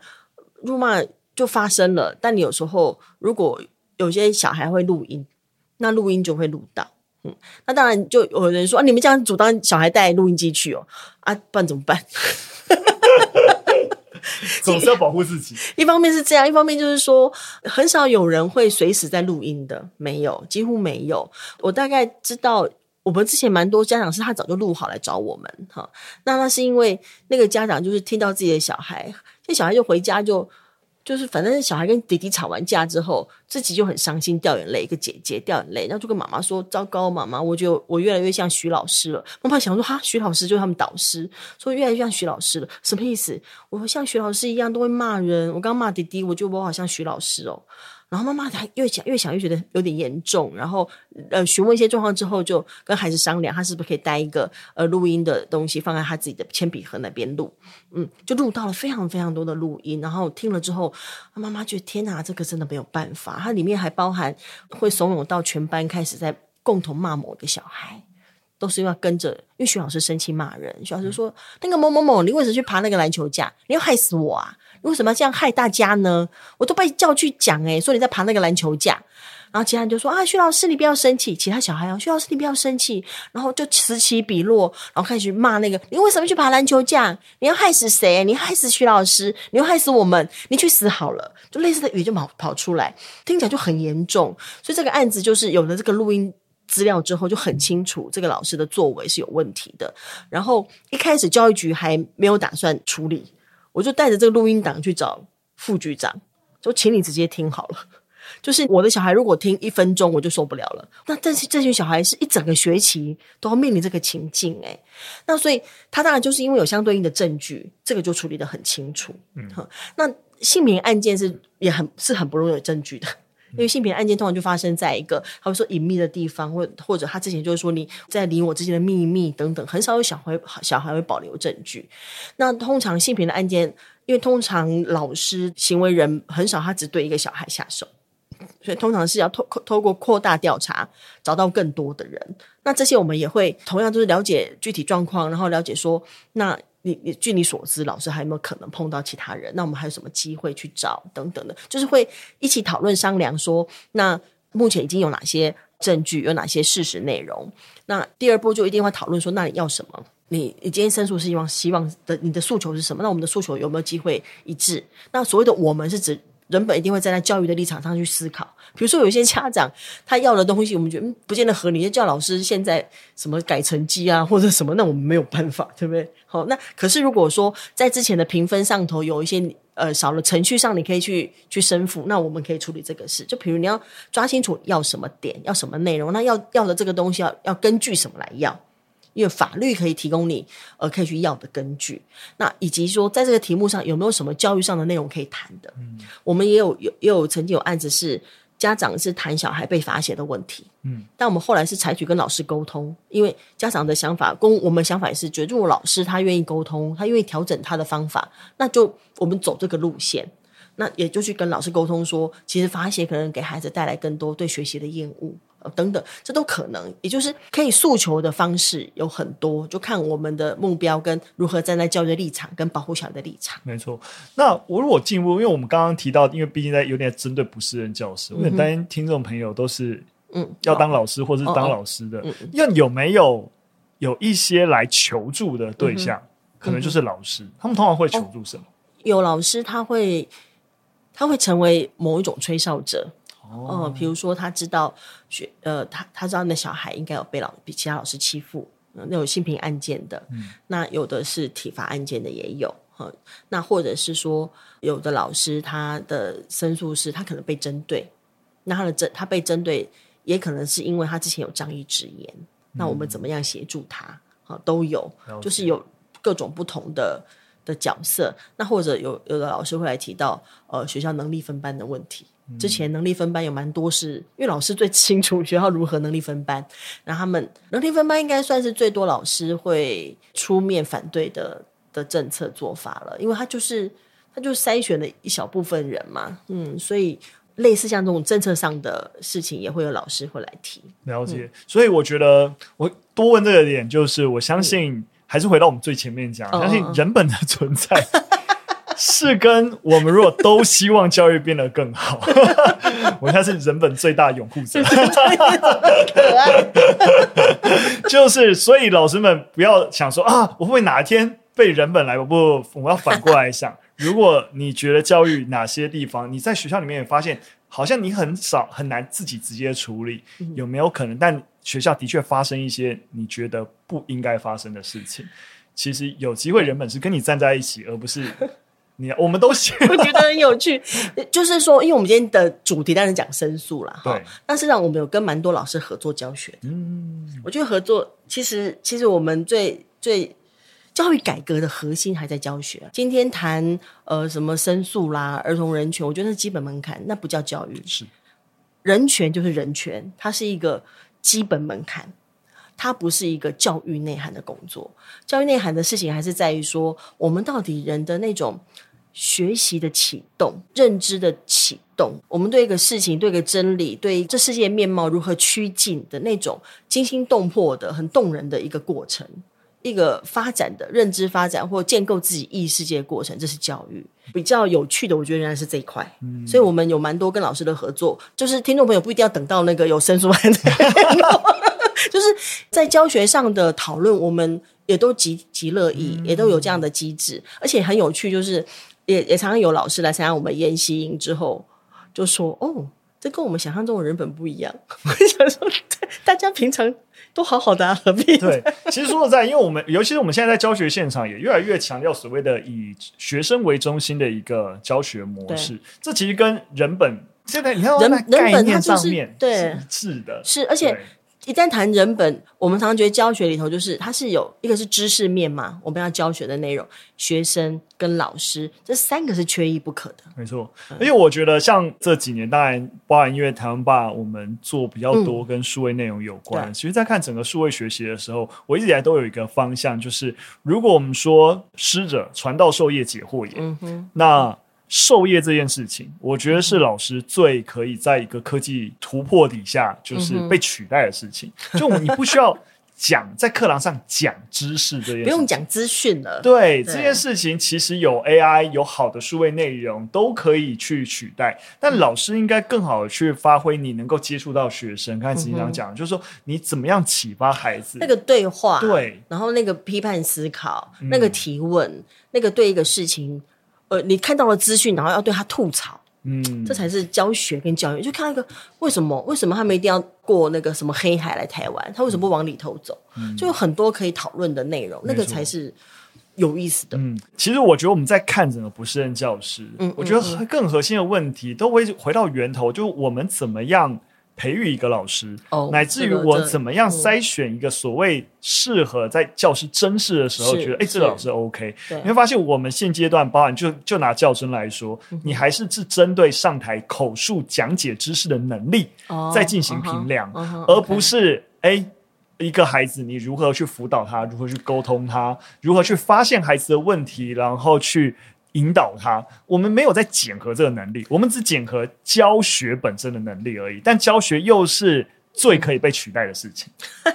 辱罵就發生了。但你有時候如果有些小孩會錄音，那錄音就會錄到。嗯，那當然就有人說，啊，你們這樣阻擋小孩帶錄音機去哦，啊，不然怎麼辦？ *laughs* *laughs* 總是要保護自己。一方面是這樣，一方面就是說，很少有人會隨時在錄音的，沒有，幾乎沒有。我大概知道，我們之前蠻多家長是他早就錄好來找我們哈。那那是因為那個家長就是聽到自己的小孩，這小孩就回家就。就是，反正小孩跟弟弟吵完架之後，自己就很傷心掉眼淚，一個姐姐掉眼淚，然後就跟媽媽說：“糟糕，媽媽，我就我越來越像徐老師了。”媽媽想說：“哈，徐老師就是他們導師，說越來越像徐老師了，什麼意思？我像徐老師一樣都會罵人，我剛剛罵弟弟，我就我好像徐老師哦。”然後媽媽她越想越想越覺得有點嚴重，然後呃詢問一些狀況之後，就跟孩子商量，她是不是可以帶一個呃錄音的東西放在她自己的鉛筆盒那邊錄，嗯，就錄到了非常非常多的錄音，然後聽了之後，媽媽覺得天哪，這個真的沒有辦法。它裡面還包含會慫恿到全班開始在共同罵某個小孩，都是要跟着，因為徐老師生氣罵人，徐老師說，嗯，那個某某某，你為什麼去爬那個籃球架？你要害死我啊！為什麼要這樣害大家呢？我都被叫去講，欸，誒，說你在爬那個籃球架，然後其他人就說啊，徐老師你不要生氣，其他小孩啊，徐老師你不要生氣，然後就此起彼落，然後開始罵那個，你為什麼去爬籃球架？你要害死誰？你害死徐老師，你要害死我們，你去死好了。就類似的語就跑跑出來，聽起來就很嚴重。所以這個案子就是有了這個錄音資料之後，就很清楚這個老師的作為是有問題的。然後一開始教育局還沒有打算處理。我就帶着這個錄音檔去找副局長，就請你直接聽好了。就是我的小孩如果聽一分鐘，我就受不了了。那這些這群小孩是一整個學期都要面臨這個情境、欸，誒。那所以他當然就是因為有相對應的證據，這個就處理得很清楚。嗯，那姓名案件是也很是很不容易有證據的。因為性平案件通常就發生在一個他會說隱祕的地方，或或者他之前就是說你在離我之間的祕密等等，很少有小孩小孩會保留證據。那通常性平的案件，因為通常老師行為人很少，他只對一個小孩下手，所以通常是要透透過擴大調查找到更多的人。那這些我們也會同樣都是了解具體狀況，然後了解說那。你你據你所知，老師還有沒有可能碰到其他人？那我們還有什麼機會去找等等的？就是會一起討論商量說，那目前已經有哪些證據，有哪些事實內容？那第二步就一定會討論說，那你要什麼？你你今天申訴是希望希望的，你的訴求是什麼？那我們的訴求有沒有機會一致？那所謂的我們是指。人本一定會站在教育的立場上去思考，比如說有一些家長他要的東西，我們覺得、嗯、不見得合理，就叫老師現在什麼改成績啊或者什麼，那我們沒有辦法，對不對？好，那可是如果說在之前的評分上頭有一些呃少了程序上，你可以去去申復，那我們可以處理這個事。就比如你要抓清楚要什麼點，要什麼內容，那要要的這個東西要要根據什麼來要。因為法律可以提供你，呃，可以去要的根據。那以及說，在這個題目上有沒有什麼教育上的內容可以談的？嗯，我們也有有也有曾經有案子是家長是談小孩被罰寫的問題。嗯，但我們後來是採取跟老師溝通，因為家長的想法跟我們想法是，覺得如果老師他願意溝通，他願意調整他的方法，那就我們走這個路線。那也就去跟老師溝通說，說其實罰寫可能給孩子帶來更多對學習的厭惡。等等，這都可能，也就是可以訴求的方式有很多，就看我們的目標跟如何站在教育的立場跟保護小孩的立場。沒錯。那我如果進一步，因為我們剛剛提到，因為畢竟在有點針對不適任教師，我很擔心聽眾朋友都是要嗯要當老師或是當老師的，那、哦哦、有沒有有一些來求助的對象，嗯、可能就是老師、嗯，他們通常會求助什麼？哦、有老師他會他會成為某一種吹哨者。哦，比如說他知道學，呃，他他知道那小孩應該有被老，被其他老師欺負，那種性平案件的，嗯，那有的是體罰案件的也有，哈，那或者是說有的老師他的申訴是他可能被針對，那他的針他被針對也可能是因為他之前有仗義執言，嗯，那我們怎麼樣協助他？哈，都有，就是有各種不同的。的角色，那或者有有的老師會來提到，呃，學校能力分班的問題。之前能力分班有蠻多，是因為老師最清楚學校如何能力分班，那他們能力分班應該算是最多老師會出面反對的的政策做法了，因為他就是他就是篩選了一小部分人嘛，嗯，所以類似像這種政策上的事情，也會有老師會來提了解、嗯。所以我覺得我多問這個點，就是我相信、嗯。還是回到我們最前面講，相信人本的存在是跟我們如果都希望教育變得更好， *laughs* *laughs* 我現在是人本最大擁護者。可愛，就是所以老師們不要想說啊，我會不會哪一天被人本來不，不，我要反過來想，如果你覺得教育哪些地方你在學校裡面也發現，好像你很少很難自己直接處理，有沒有可能？但學校的確發生一些你覺得不應該發生的事情，其實有機會人本是跟你站在一起，而不是你。 *laughs* 我們都覺得，我覺得很有趣， *laughs* 就是說，因為我們今天的主題當然講申訴啦。哈，但是讓我們有跟蠻多老師合作教學。嗯，我覺得合作其實其實我們最最教育改革的核心還在教學。今天談呃什麼申訴啦，兒童人權，我覺得那基本門檻，那不叫教育，是人權就是人權，它是一個。基本門檻，它不是一個教育內涵的工作。教育內涵的事情，還是在於說，我們到底人的那種學習的啟動、認知的啟動，我們對一個事情、對一個真理、對這世界面貌如何趨近的那種驚心動魄的、很動人的一個過程，一個發展的認知發展或建構自己意義世界的過程，這是教育。比較有趣的，我覺得仍然是這一塊，嗯，所以我們有蠻多跟老師的合作，就是聽眾朋友不一定要等到那個有申訴班， *laughs* *laughs* 就是在教學上的討論，我們也都極極樂意，嗯，也都有這樣的機制，而且很有趣，就是也也常常有老師來參加我們研習之後，就說哦，這跟我們想象中的人本不一樣， *laughs* 我想說大家平常。都好好的啊，何必？對， *laughs* 其實說實在，因為我們尤其是我們現在在教學現場，也越來越強調所謂的以學生為中心的一個教學模式。這其實跟人本現在你看，人概念、人本、就是、上面對是一致的，是而且對。一旦談人本，我們常常覺得教學裡頭就是它是有一個是知識面嘛，我們要教學的內容，學生跟老師這三個是缺一不可的。沒錯，因、嗯、為我覺得像這幾年，當然包含因為台灣吧，我們做比較多跟數位內容有關。嗯、其實，在看整個數位學習的時候，我一直以來都有一個方向，就是如果我們說師者，傳道授業解惑也，嗯、哼那。授業這件事情，我覺得是老師最可以在一個科技突破底下，嗯、就是被取代的事情。就你不需要講 *laughs* 在課堂上講知識，這件事不用講資訊了。對這件事情，事情其實有 AI 有好的數位內容都可以去取代，但老師應該更好的去發揮。你能夠接觸到學生，剛才秦陽講，就是說你怎麼樣啟發孩子，那個對話，對，然後那個批判思考，嗯、那個提問，那個對一個事情。呃、你看到了資訊，然後要對他吐槽，嗯，這才是教學跟教育。就看到一個為什麼，為什麼他們一定要過那個什麼黑海來台灣？他為什麼不往裡頭走？嗯、就有很多可以討論的內容，那個才是有意思的。嗯，其實我覺得我們在看怎麼不適任教師，嗯，我覺得更核心的問題都會回，回到源頭，就我們怎麼樣。培育一個老師，oh, 乃至於我怎麼樣篩選一個所謂適合在教師甄試的時候，覺得、嗯、誒這個、老師 OK。你會發現，我們現階段，包含就就拿教甄來說，你還是只針對上台口述講解知識的能力在、oh, 進行評量，uh -huh, 而不是、uh -huh, okay. 誒一個孩子你如何去輔導他，如何去溝通他，如何去發現孩子的問題，然後去。引導他，我們沒有在檢核這個能力，我們只檢核教學本身的能力而已。但教學又是最可以被取代的事情， *laughs*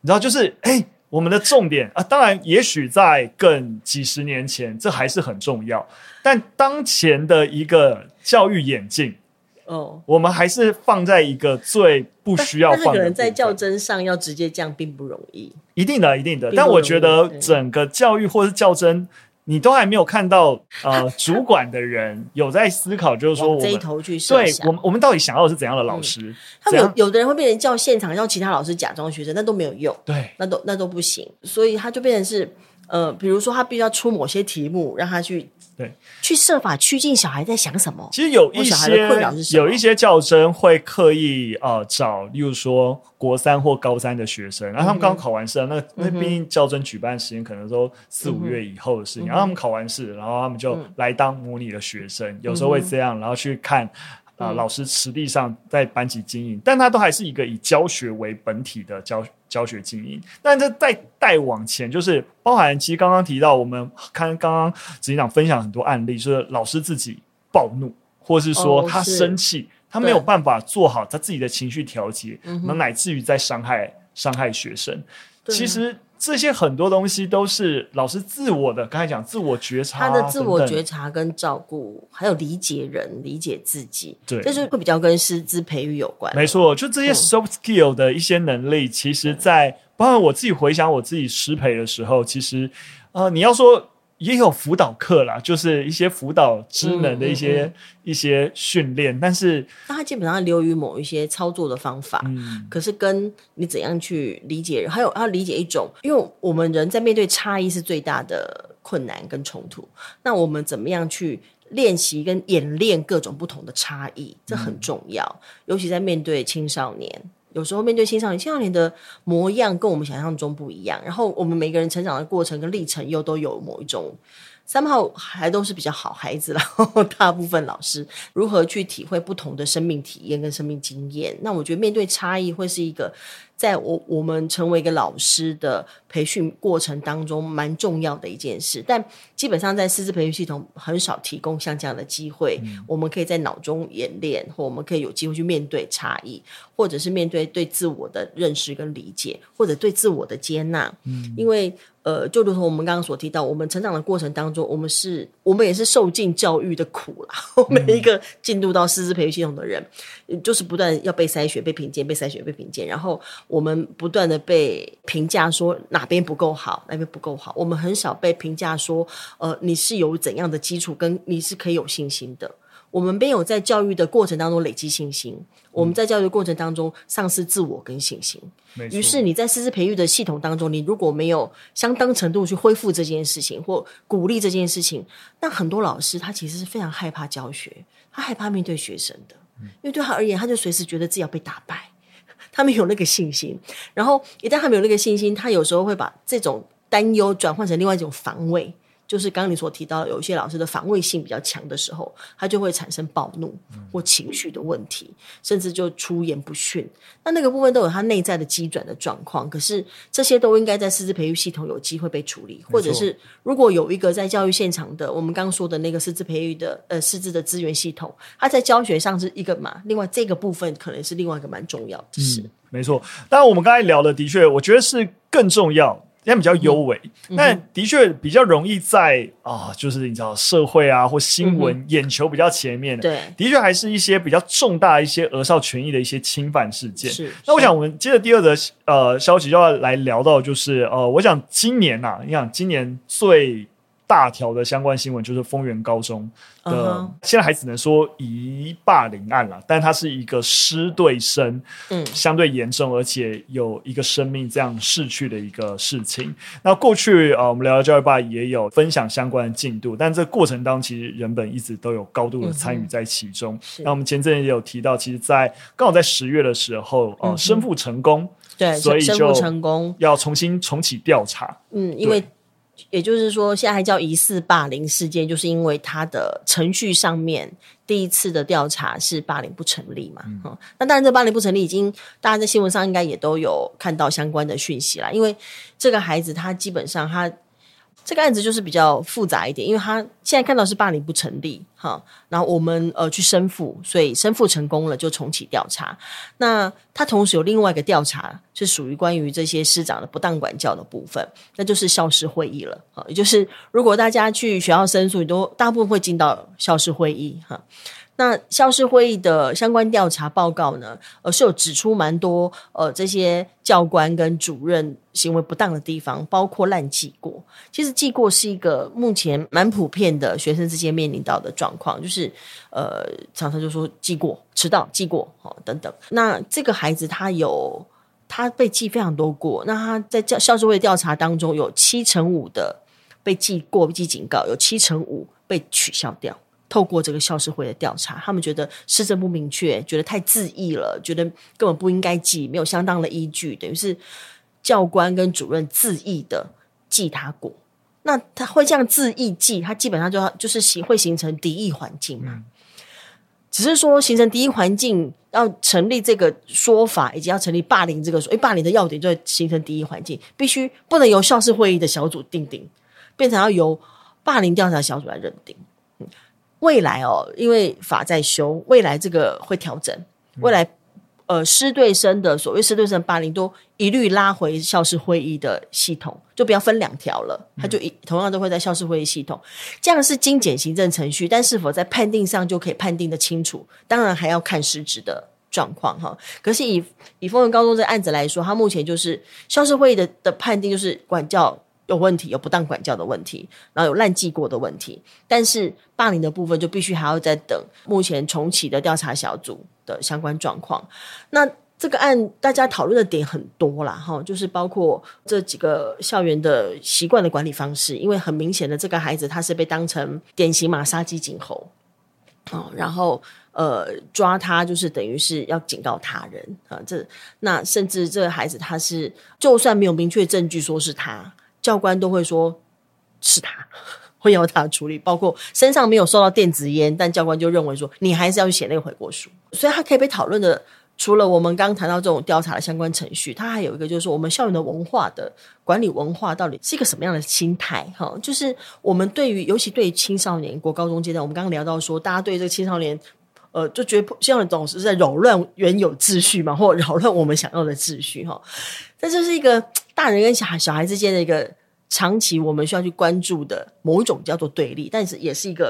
你知道？就是、欸、我們的重點啊，當然也許在更幾十年前，這還是很重要。但當前的一個教育演進，哦，我們還是放在一個最不需要放。放可能在教甄上要直接講，並不容易。一定的，一定的。但我覺得整個教育或是教甄。你都還沒有看到，呃，主管的人有在思考， *laughs* 就是說，我們這一頭去想，對我們，我們到底想要的是怎樣的老師？嗯，他有有的人會變成叫現場讓其他老師假裝學生，那都沒有用，對，那都那都不行，所以他就變成是，呃，比如說他必須要出某些題目讓他去。對，去設法趨近小孩在想什麼。其實有一些有一些教甄會刻意呃找，例如說國三或高三的學生，然後他們剛，剛考完試，嗯、那、嗯、那畢竟教甄舉辦時間可能都四五月以後的事情、嗯，然後他們考完試，然後他們就來當模擬的學生，嗯、有時候會這樣，然後去看、呃、老師實際上在班級經營、嗯，但他都還是一個以教學為本體的教學。教學經營，但這再再往前，就是包含其實剛剛提到，我們看剛剛執行長分享很多案例，就是老師自己暴怒，或是說他生氣，哦，他沒有辦法做好他自己的情緒調節，那乃至於在傷害傷害，嗯、學生。對啊、其實這些很多東西都是老師自我的，剛才講自我覺察等等，他的自我覺察跟照顧，還有理解人、理解自己，對，這就是會比較跟師資培育有關。沒錯，就這些 soft skill 的一些能力，嗯、其實在，在包括我自己回想我自己師培的時候，其實啊、呃，你要說。也有輔導課啦，就是一些輔導知能的一些、嗯嗯嗯、一些訓練，但是，那它基本上流於某一些操作的方法、嗯，可是跟你怎樣去理解人，還有要理解一種，因為我們人在面對差異是最大的困難跟衝突，那我們怎麼樣去練習跟演練各種不同的差異，這很重要、嗯，尤其在面對青少年。有時候面對青少年，青少年的模樣跟我們想象中不一樣。然後我們每個人成長的過程跟歷程又都有某一種。somehow 還都是比較好孩子，然後大部分老師如何去體會不同的生命體驗跟生命經驗？那我覺得面對差異會是一個。在我我們成為一個老師的培訓過程當中，蠻重要的一件事。但基本上在師資培訓系統很少提供像這樣的機會。嗯，我們可以在腦中演練，或我們可以有機會去面對差異，或者是面對對自我的認識跟理解，或者對自我的接納。嗯，因為。呃，就如同我們剛剛所提到，我們成長的過程當中，我們是，我們也是受盡教育的苦了、嗯。每一個進入到師資培育系統的人，就是不斷要被篩選、被評鑑、被篩選、被評鑑，然後我們不斷的被評價說哪邊不夠好，哪邊不夠好。我們很少被評價說，呃，你是有怎樣的基礎，跟你是可以有信心的。我們沒有在教育的過程當中累積信心，我們在教育的過程當中喪失自我跟信心。嗯、於是你在師資培育的系統當中，你如果沒有相當程度去恢復這件事情或鼓勵這件事情，那很多老師他其實是非常害怕教學，他害怕面對學生的、嗯，因為對他而言，他就隨時覺得自己要被打敗，他沒有那個信心。然後一旦他沒有那個信心，他有時候會把這種擔憂轉換成另外一種防衛。就是剛，剛你所提到，有一些老師的防衛性比較強的時候，他就會產生暴怒或情緒的問題、嗯，甚至就出言不遜。那那個部分都有他內在的積轉的狀況，可是這些都應該在師資培育系統有機會被處理，或者是如果有一個在教育現場的，我們剛剛說的那個師資培育的呃師資的資源系統，它在教學上是一個嘛？另外這個部分可能是另外一個蠻重要的事、嗯，沒錯。但我們剛才聊的，的確我覺得是更重要。相對比較幽微、嗯嗯，但的確比較容易在啊、呃，就是你知道社會啊或新聞眼球比較前面的、嗯，對，的確還是一些比較重大一些兒少權益的一些侵犯事件。是，是，那我想我們接着第二則呃消息就要來聊到，就是呃，我想今年吶、啊，你想今年最。大條的相關新聞就是豐原高中的，uh -huh. 現在還只能說疑霸凌案了，但它是一個師對生，嗯，相對嚴重，而且有一個生命這樣逝去的一個事情。嗯、那過去啊、呃，我們聊聊教育吧也有分享相關的進度，但這個過程當中其實人本一直都有高度的參與在其中、嗯。那我們前陣也有提到，其實在，在剛好在十月的時候呃，申、嗯、復成功，對，所以申復成功要重新重啟調查，嗯，因為。也就是說，現在還叫疑似霸凌事件，就是因為他的程序上面第一次的調查是霸凌不成立嘛？嗯嗯，那當然，這霸凌不成立已經，大家在新聞上應該也都有看到相關的訊息啦，因為這個孩子，他基本上他。這個案子就是比較複雜一點，因為他現在看到是霸凌不成立哈，然後我們呃去申復，所以申復成功了就重啟調查。那他同時有另外一個調查，是屬於關於這些師長的不當管教的部分，那就是校事會議了，也就是如果大家去學校申訴，你都大部分會進到校事會議哈。那校事會議的相關調查報告呢？呃，是有指出蠻多呃這些教官跟主任行為不當的地方，包括濫記過。其實記過是一個目前蠻普遍的學生之間面臨到的狀況，就是呃常常就說記過、遲到、記過哦等等。那這個孩子他有他被記非常多過，那他在教校事會調查當中，有七成五的被記過被記警告，有七成五被取消掉。透過這個校事會的調查，他們覺得事證不明確，覺得太恣意了，覺得根本不應該記，沒有相當的依據，等於是教官跟主任恣意的記他過。那他會這樣恣意記，他基本上就就是會形成敵意環境嘛。嗯、只是說形成敵意環境，要成立這個說法，以及要成立霸凌這個說，誒霸凌的要點就是形成敵意環境，必須不能由校事會議的小組訂定，變成要由霸凌調查小組來認定。未來哦，因為法在修，未來這個會調整。嗯、未來，呃，師對生的所謂師對生霸凌都一律拉回校事會議的系統，就不要分兩條了。它、嗯、就一同樣都會在校事會議系統，這樣是精簡行政程序，但是否在判定上就可以判定得清楚？當然還要看失職的狀況哈。可是以以豐原高中這案子來說，它目前就是校事會議的的判定就是管教。有問題，有不當管教的問題，然後有濫記過的問題，但是霸凌的部分就必須還要再等目前重啟的調查小組的相關狀況。那這個案大家討論的點很多啦，哈、哦，就是包括這幾個校園的習慣的管理方式，因為很明顯的這個孩子他是被當成典型嘛，殺雞儆猴、哦、然後呃抓他就是等於是要警告他人啊、哦，這那甚至這個孩子他是就算沒有明確證據說是他。教官都會說是他，會要他的處理。包括身上沒有收到電子煙，但教官就認為說你還是要去寫那個悔過書。所以，他可以被討論的，除了我們剛剛談到這種調查的相關程序，他還有一個就是說，我們校園的文化的管理文化到底是一個什麼樣的心態？哈、哦，就是我們對於，尤其對於青少年國高中階段，我們剛剛聊到說，大家對這個青少年，呃，就覺得校園總是在擾亂原有秩序嘛，或擾亂我們想要的秩序？哈、哦，這就是一個。大人跟小孩、小孩之間的一個長期，我們需要去關注的某一種叫做對立，但是也是一個，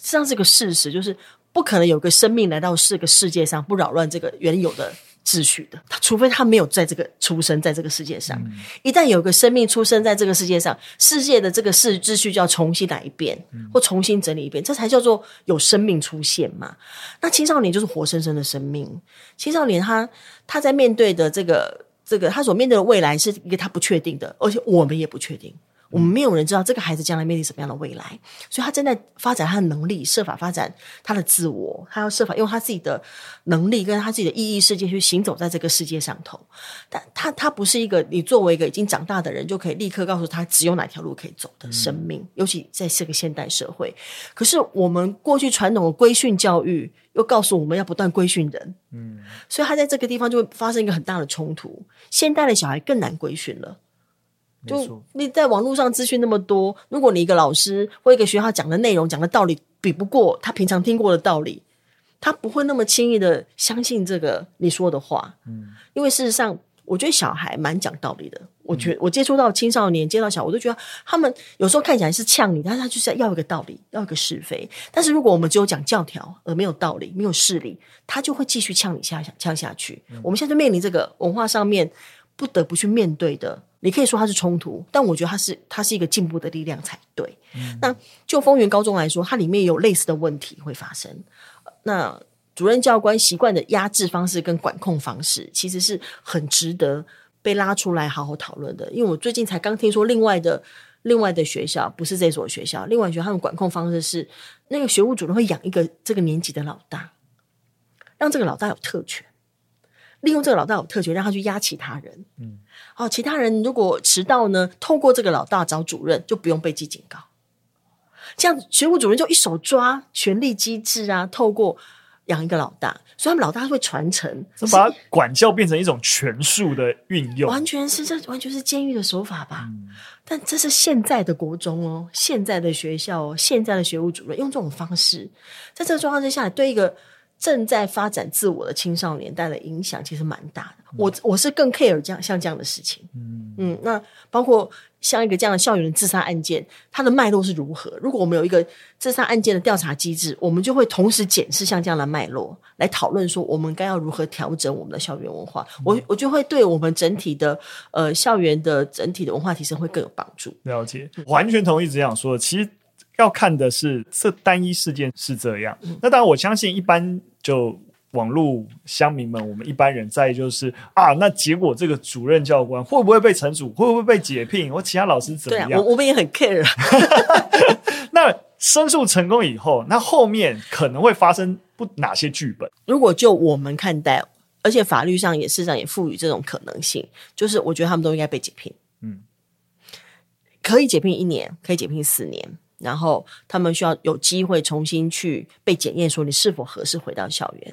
實際上是個事實，就是不可能有個生命來到這個世界上不擾亂這個原有的秩序的，他除非他沒有在這個出生在這個世界上。嗯，一旦有一個生命出生在這個世界上，世界的這個世秩序就要重新來一遍，或重新整理一遍，這才叫做有生命出現嘛。那青少年就是活生生的生命，青少年他他在面對的這個。這個他所面對的未來是一個他不確定的，而且我們也不確定。我們沒有人知道這個孩子將來面臨什麼樣的未來，所以他正在發展他的能力，設法發展他的自我，他要設法用他自己的能力跟他自己的意義世界去行走在這個世界上頭。但他他不是一個你作為一個已經長大的人就可以立刻告訴他只有哪條路可以走的生命。嗯，尤其在這個現代社會。可是我們過去傳統的規訓教育又告訴我們要不斷規訓人，嗯，所以他在這個地方就會發生一個很大的衝突。現代的小孩更難規訓了。就你在網絡上資訊那麼多，如果你一個老師或一個學校講的內容講的道理比不過他平常聽過的道理，他不會那麼輕易的相信這個你說的話。嗯，因為事實上，我覺得小孩蠻講道理的。我覺得我接觸到青少年，嗯、接到小孩，我都覺得他們有時候看起來是嗆你，但是他就是要一個道理，要一個是非。但是如果我們只有講教條而沒有道理，沒有事理，他就會繼續嗆你下，嗆下去、嗯。我們現在就面臨這個文化上面。不得不去面對的，你可以說它是衝突，但我覺得它是它是一個進步的力量才對。嗯。那就豐原高中來說，它裡面有類似的問題會發生。那主任教官習慣的壓制方式跟管控方式，其實是很值得被拉出來好好討論的。因為我最近才剛聽說，另外的另外的學校不是這所學校，另外的學校他們管控方式是那個學務主任會養一個這個年級的老大，讓這個老大有特權。利用這個老大有特權，讓他去壓其他人。嗯，哦，其他人如果遲到呢，透過這個老大找主任，就不用被記警告。這樣學務主任就一手抓權力機制啊，透過養一個老大，所以他們老大會傳承，把管教變成一種權術的運用，完全是這完全是監獄的手法吧。嗯？但這是現在的國中哦，現在的學校哦，現在的學務主任用這種方式，在這個狀況之下，對一個。正在發展自我的青少年帶來的影響其實蠻大的。嗯、我我是更 care 這樣像這樣的事情，嗯嗯。那包括像一個這樣的校園的自殺案件，它的脈絡是如何？如果我們有一個自殺案件的調查機制，我們就會同時檢視像這樣的脈絡，來討論說我們該要如何調整我們的校園文化。嗯、我我就會對我們整體的呃校園的整體的文化提升會更有幫助。了解，完全同意，這樣說，其實。要看的是這單一事件是這樣。嗯。那當然我相信一般就網路鄉民們，我們一般人在意就是啊，那結果這個主任教官會不會被懲處，會不會被解聘，或其他老師怎麼樣。對啊，我我們也很 care。 *laughs* *laughs* 那申訴成功以後，那後面可能會發生不哪些劇本？如果就我們看待，而且法律上也事實上也賦予這種可能性，就是我覺得他們都應該被解聘。嗯，可以解聘一年，可以解聘四年。然後他們需要有機會重新去被檢驗，說你是否合適回到校園，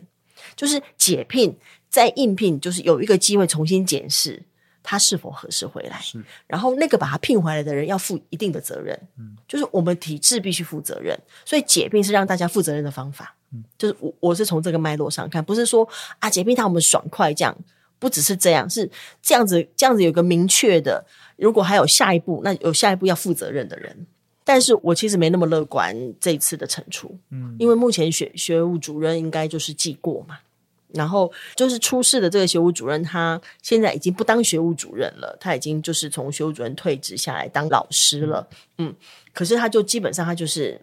就是解聘再應聘，就是有一個機會重新檢視他是否合適回來。然後那個把他聘回來的人要負一定的責任。就是我們體制必須負責任，所以解聘是讓大家負責任的方法。就是我我是從這個脈絡上看，不是說啊解聘他我們爽快，這樣不只是這樣，是這樣子這樣子有個明確的，如果還有下一步，那有下一步要負責任的人。但是我其實沒那麼樂觀這一次的懲處，嗯，因為目前學學務主任應該就是記過嘛，然後就是出事的這個學務主任他現在已經不當學務主任了，他已經就是從學務主任退職下來當老師了，嗯，嗯，可是他就基本上他就是，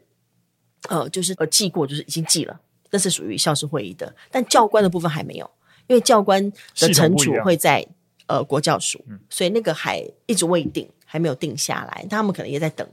呃，就是呃記過就是已經記了，那是屬於校事會議的，但教官的部分還沒有，因為教官的懲處會在呃國教署，嗯，所以那個還一直未定，還沒有定下來，他們可能也在等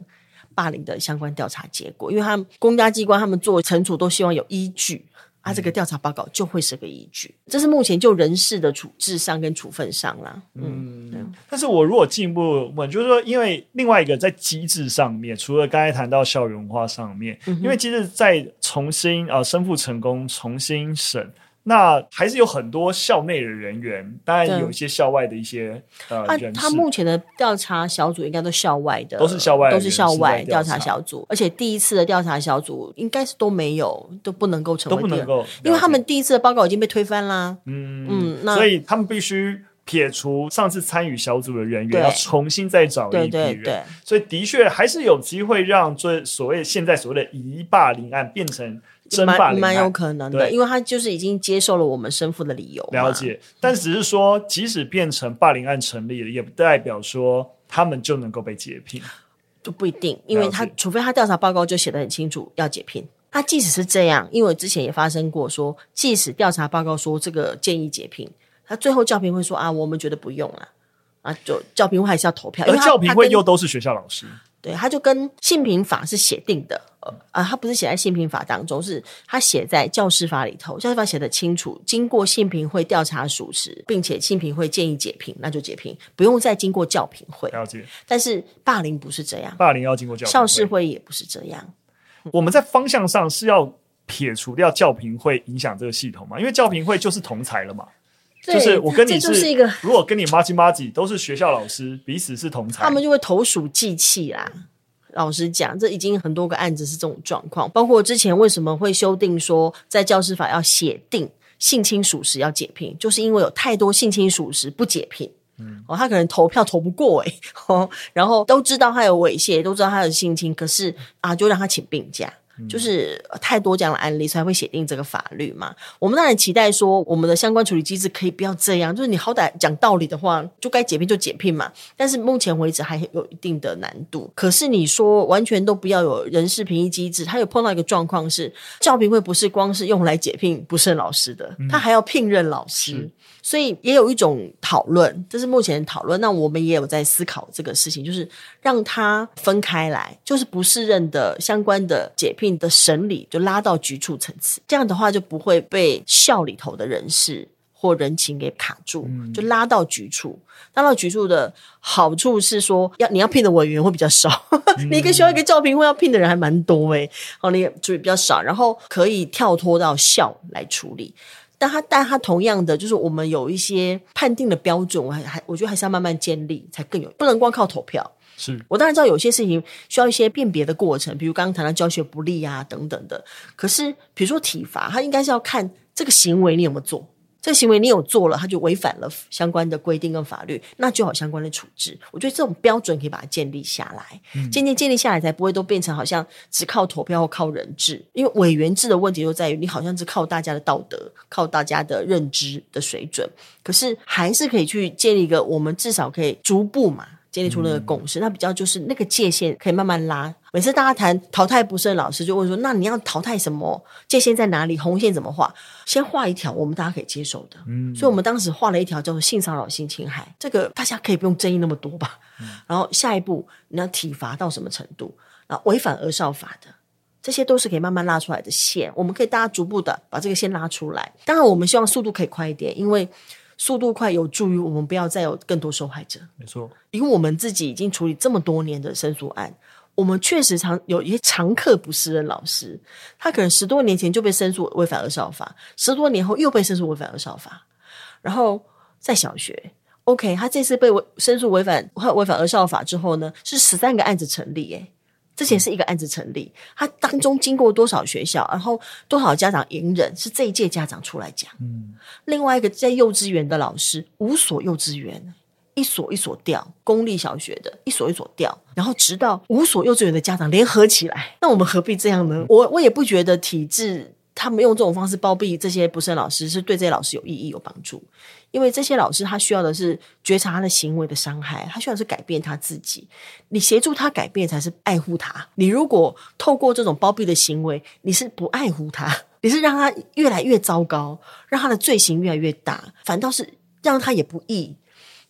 霸凌的相關調查結果，因為他們公家機關他們做懲處都希望有依據，嗯、啊，這個調查報告就會是個依據。這是目前就人事的處置上跟處分上啦。嗯，嗯，但是我如果進一步問，就是說，因為另外一個在機制上面，除了剛才談到校園化上面，嗯、因為機制在重新啊申復成功，重新審。那還是有很多校內的人員，當然有一些校外的一些呃、啊、人士，他目前的調查小組應該都校外的，都是校外的，都是校外調查小組。而且第一次的調查小組應該是都沒有，都不能夠成為都不能夠，因為他們第一次的報告已經被推翻啦。嗯嗯，那，所以他們必須。解除上次參與小組的人員，要重新再找一批人，對對對對，所以的確還是有機會讓這所謂現在所謂的疑霸凌案變成真霸凌案，蠻蠻有可能的，因為他就是已經接受了我們申復的理由。了解，但只是說，即使變成霸凌案成立了，也不代表說他們就能夠被解聘，都不一定，因為他除非他調查報告就寫得很清楚要解聘，他即使是這樣，因為之前也發生過說，即使調查報告說這個建議解聘。他最後教評會說啊，我們覺得不用了、啊，啊，就教評會還是要投票。因為而教評會又，又都是學校老師，對，他就跟性平法是寫定的，嗯、啊，他不是寫在性平法當中，是他寫在教師法裡頭。教師法寫得清楚，經過性平會調查屬實，並且性平會建議解聘，那就解聘，不用再經過教評會。了解。但是霸凌不是這樣，霸凌要經過教評會，校事會也不是這樣、嗯。我們在方向上是要撇除掉教評會影響這個系統嘛？因為教評會就是同儕了嘛。嗯就是我跟你，這就是一個如果跟你媽雞媽雞都是學校老師，彼此是同儕，他們就會投鼠忌器啦。老實講，這已經很多個案子是這種狀況。包括之前為什麼會修訂說，在教師法要寫定性侵屬實要解聘，就是因為有太多性侵屬實不解聘。嗯，哦，他可能投票投不過哎，欸，然後都知道他有猥褻，都知道他有性侵，可是啊，就讓他請病假。就是太多這樣的案例，才會寫定這個法律嘛。我們當然期待說，我們的相關處理機制可以不要這樣。就是你好歹講道理的話，就該解聘就解聘嘛。但是目前為止還有一定的難度。可是你說完全都不要有人事評議機制，他有碰到一個狀況是，教評會不是光是用來解聘不適任老師的，他還要聘任老師。嗯所以也有一種討論，這是目前的討論。那我們也有在思考這個事情，就是讓他分開來，就是不適任的相關的解聘的審理，就拉到局處層次。這樣的話就不會被校裡頭的人事或人情給卡住，就拉到局處。拉到局處的好處是說，要你要聘的委員會比較少， *laughs* 你一個學校一個教評會要聘的人還蠻多哎、欸，好，你也就比較少，然後可以跳脫到校來處理。但他，但他同樣的，就是我們有一些判定的標準，我還，我覺得還是要慢慢建立，才更有，不能光靠投票。是。我當然知道有些事情需要一些辨別的過程，比如剛剛談到教學不力啊等等的。可是，比如說體罰，他應該是要看這個行為你有沒有做。這行為你有做了，他就違反了相關的規定跟法律，那就好相關的處置。我覺得這種標準可以把它建立下來，漸、嗯、漸建立下來，才不會都變成好像只靠投票或靠人治。因為委員制的問題就在於，你好像是靠大家的道德、靠大家的認知的水準，可是還是可以去建立一個，我們至少可以逐步嘛。建立出了共識，那比較就是那個界限可以慢慢拉。每次大家談淘汰不適任，老師就問說：“那你要淘汰什麼？界限在哪裡？紅線怎麼畫？”先畫一條，我們大家可以接受的。嗯，所以我們當時畫了一條叫做性騷擾性侵害，這個大家可以不用爭議那麼多吧。然後下一步你要體罰到什麼程度？然後違反兒少法的，這些都是可以慢慢拉出來的線。我們可以大家逐步的把這個線拉出來。當然，我們希望速度可以快一點，因為。速度快有助於我們不要再有更多受害者。沒錯，因為我們自己已經處理這麼多年的申訴案，我們確實常有一些常客不適任老師，他可能十多年前就被申訴違反兒少法，十多年後又被申訴違反兒少法。然後在小學，OK，他這次被申訴違反違反兒少法之後呢，是十三個案子成立、欸，誒之前是一個案子成立，他當中經過多少學校，然後多少家長隱忍，是這一屆家長出來講。另外一個在幼稚園的老師，五所幼稚園，一所一所調，公立小學的一所一所調，然後直到五所幼稚園的家長聯合起來，那我們何必這樣呢？我我也不覺得體制他們用這種方式包庇這些不適任老師是對這些老師有意義有幫助。因為這些老師，他需要的是覺察他的行為的傷害，他需要的是改變他自己。你協助他改變，才是愛護他。你如果透過這種包庇的行為，你是不愛護他，你是讓他越來越糟糕，讓他的罪行越來越大，反倒是讓他也不易。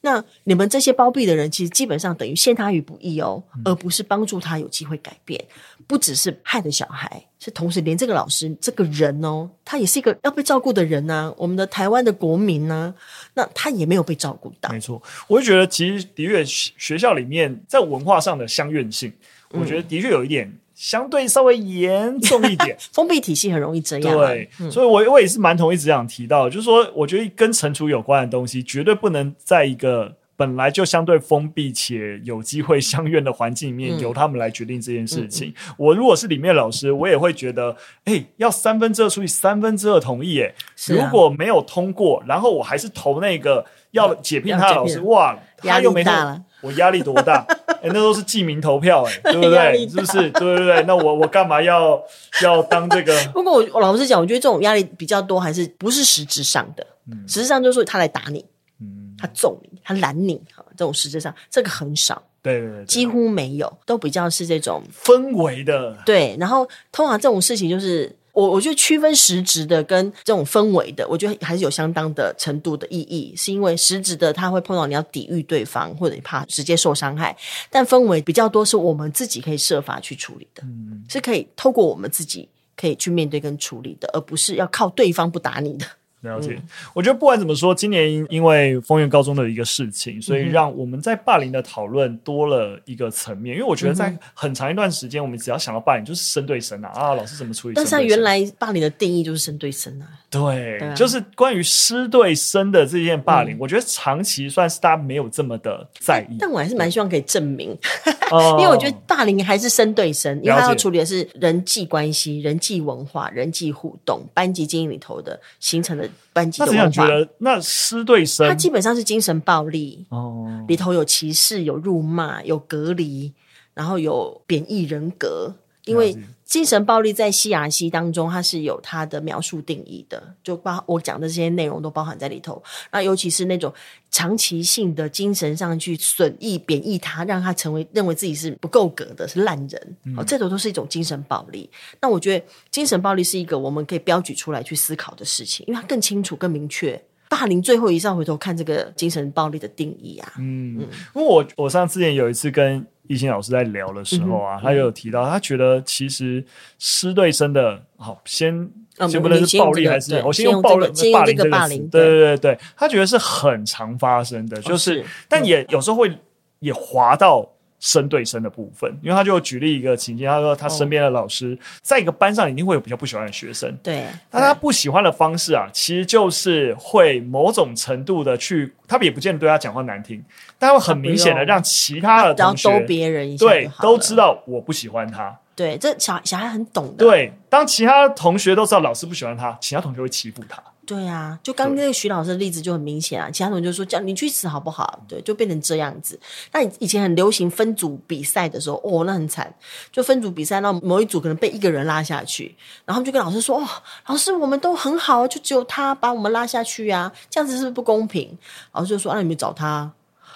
那你們這些包庇的人，其實基本上等於陷他於不義哦，嗯、而不是幫助他有機會改變。不只是害了小孩，是同時連這個老師這個人哦，他也是一個要被照顧的人吶、啊。我們的台灣的國民呢、啊，那他也沒有被照顧到。沒錯，我就覺得其實的確學校裡面在文化上的鄉愿性，我覺得的確有一點。嗯相對稍微嚴重一點， *laughs* 封閉體系很容易這樣、啊、對、嗯，所以我，我我也是蠻同意，只直想提到的，就是說，我覺得跟懲處有關的東西，絕對不能在一個本來就相對封閉且有機會相怨的環境裡面，由他們來決定這件事情。嗯嗯、我如果是裡面的老師，我也會覺得，哎、欸，要三分之二除以三分之二同意、欸，誒、啊、如果沒有通過，然後我還是投那個要解聘他的老師，哇他又沒，壓力大了，我壓力多大。 *laughs* 哎、 *laughs* 欸，那個、都是記名投票、欸，哎， *laughs* *laughs* 對不對？是不是？對對對。那我我幹嘛要 *laughs* 要當這個？ *laughs* 不過我，我老實講，我覺得這種壓力比較多，還是不是實質上的。嗯、實質上就是說他來打你，嗯，他揍你，他攔你這種實質上這個很少，對對，對對對，幾乎沒有，都比較是這種氛圍的。對，然後通常這種事情就是。我我覺得區分實質的跟這種氛圍的，我覺得還是有相當的程度的意義，是因為實質的它會碰到你要抵禦對方，或者你怕直接受傷害，但氛圍比較多是我們自己可以設法去處理的，是可以透過我們自己可以去面對跟處理的，而不是要靠對方不打你的。了解、嗯，我覺得不管怎麼說，今年因為豐原高中的一個事情，所以讓我們在霸凌的討論多了一個層面、嗯。因為我覺得在很長一段時間，我們只要想到霸凌，就是生對生啊，啊，老師怎麼處理生對生？但是原來霸凌的定義就是生對生啊，對，對啊、就是關於師對生的這件霸凌、嗯，我覺得長期算是大家沒有這麼的在意。欸、但我還是蠻希望可以證明， *laughs* 因為我覺得霸凌還是生對生、嗯，因為他要處理的是人際關係、人際文化、人際互動、班級經營裡頭的形成的。班級怎麼樣？覺得那師對生，他基本上是精神暴力哦，裡頭有歧視、有辱罵、有隔離，然後有貶義人格，因為。精神暴力在 CRC 當中，它是有它的描述定義的，就把我講的這些內容都包含在裡頭。那尤其是那種長期性的精神上去損益貶抑他，讓他成為認為自己是不夠格的，是爛人、嗯，哦，這種都是一種精神暴力。那我覺得精神暴力是一個我們可以標舉出來去思考的事情，因為它更清楚、更明確。霸凌最後一上，回頭看這個精神暴力的定義啊，嗯嗯，因為我我上次也有一次跟。藝興老師在聊的時候啊，嗯、他有提到，他覺得其實師對生的，好、嗯、先、啊、先不論是暴力，還是我、嗯先，這個、先用暴力、這個、霸凌這個詞，對對對對，他覺得是很常發生的，哦、就是，是但也、嗯，有時候會也滑到。生對生的部分，因為他就舉例一個情境，他說他身邊的老師在一個班上一定會有比較不喜歡的學生，對，但他不喜歡的方式啊，其實就是會某種程度的去，他們也不見得對他講話難聽，但會很明顯的讓其他的同學，只要都別人一對都知道我不喜歡他，對，這小小孩很懂的啊，對，當其他同學都知道老師不喜歡他，其他同學會欺負他。對啊，就剛剛那個徐老師的例子就很明顯啊。其他同學就說：“叫你去死好不好？”對，就變成這樣子。那以前很流行分組比賽的時候，哦，那很慘。就分組比賽，那某一組可能被一個人拉下去，然後他們就跟老師說：“哦，老師，我們都很好，就只有他把我們拉下去呀、啊。”這樣子是不是不公平？老師就說：“啊，那你們找他。”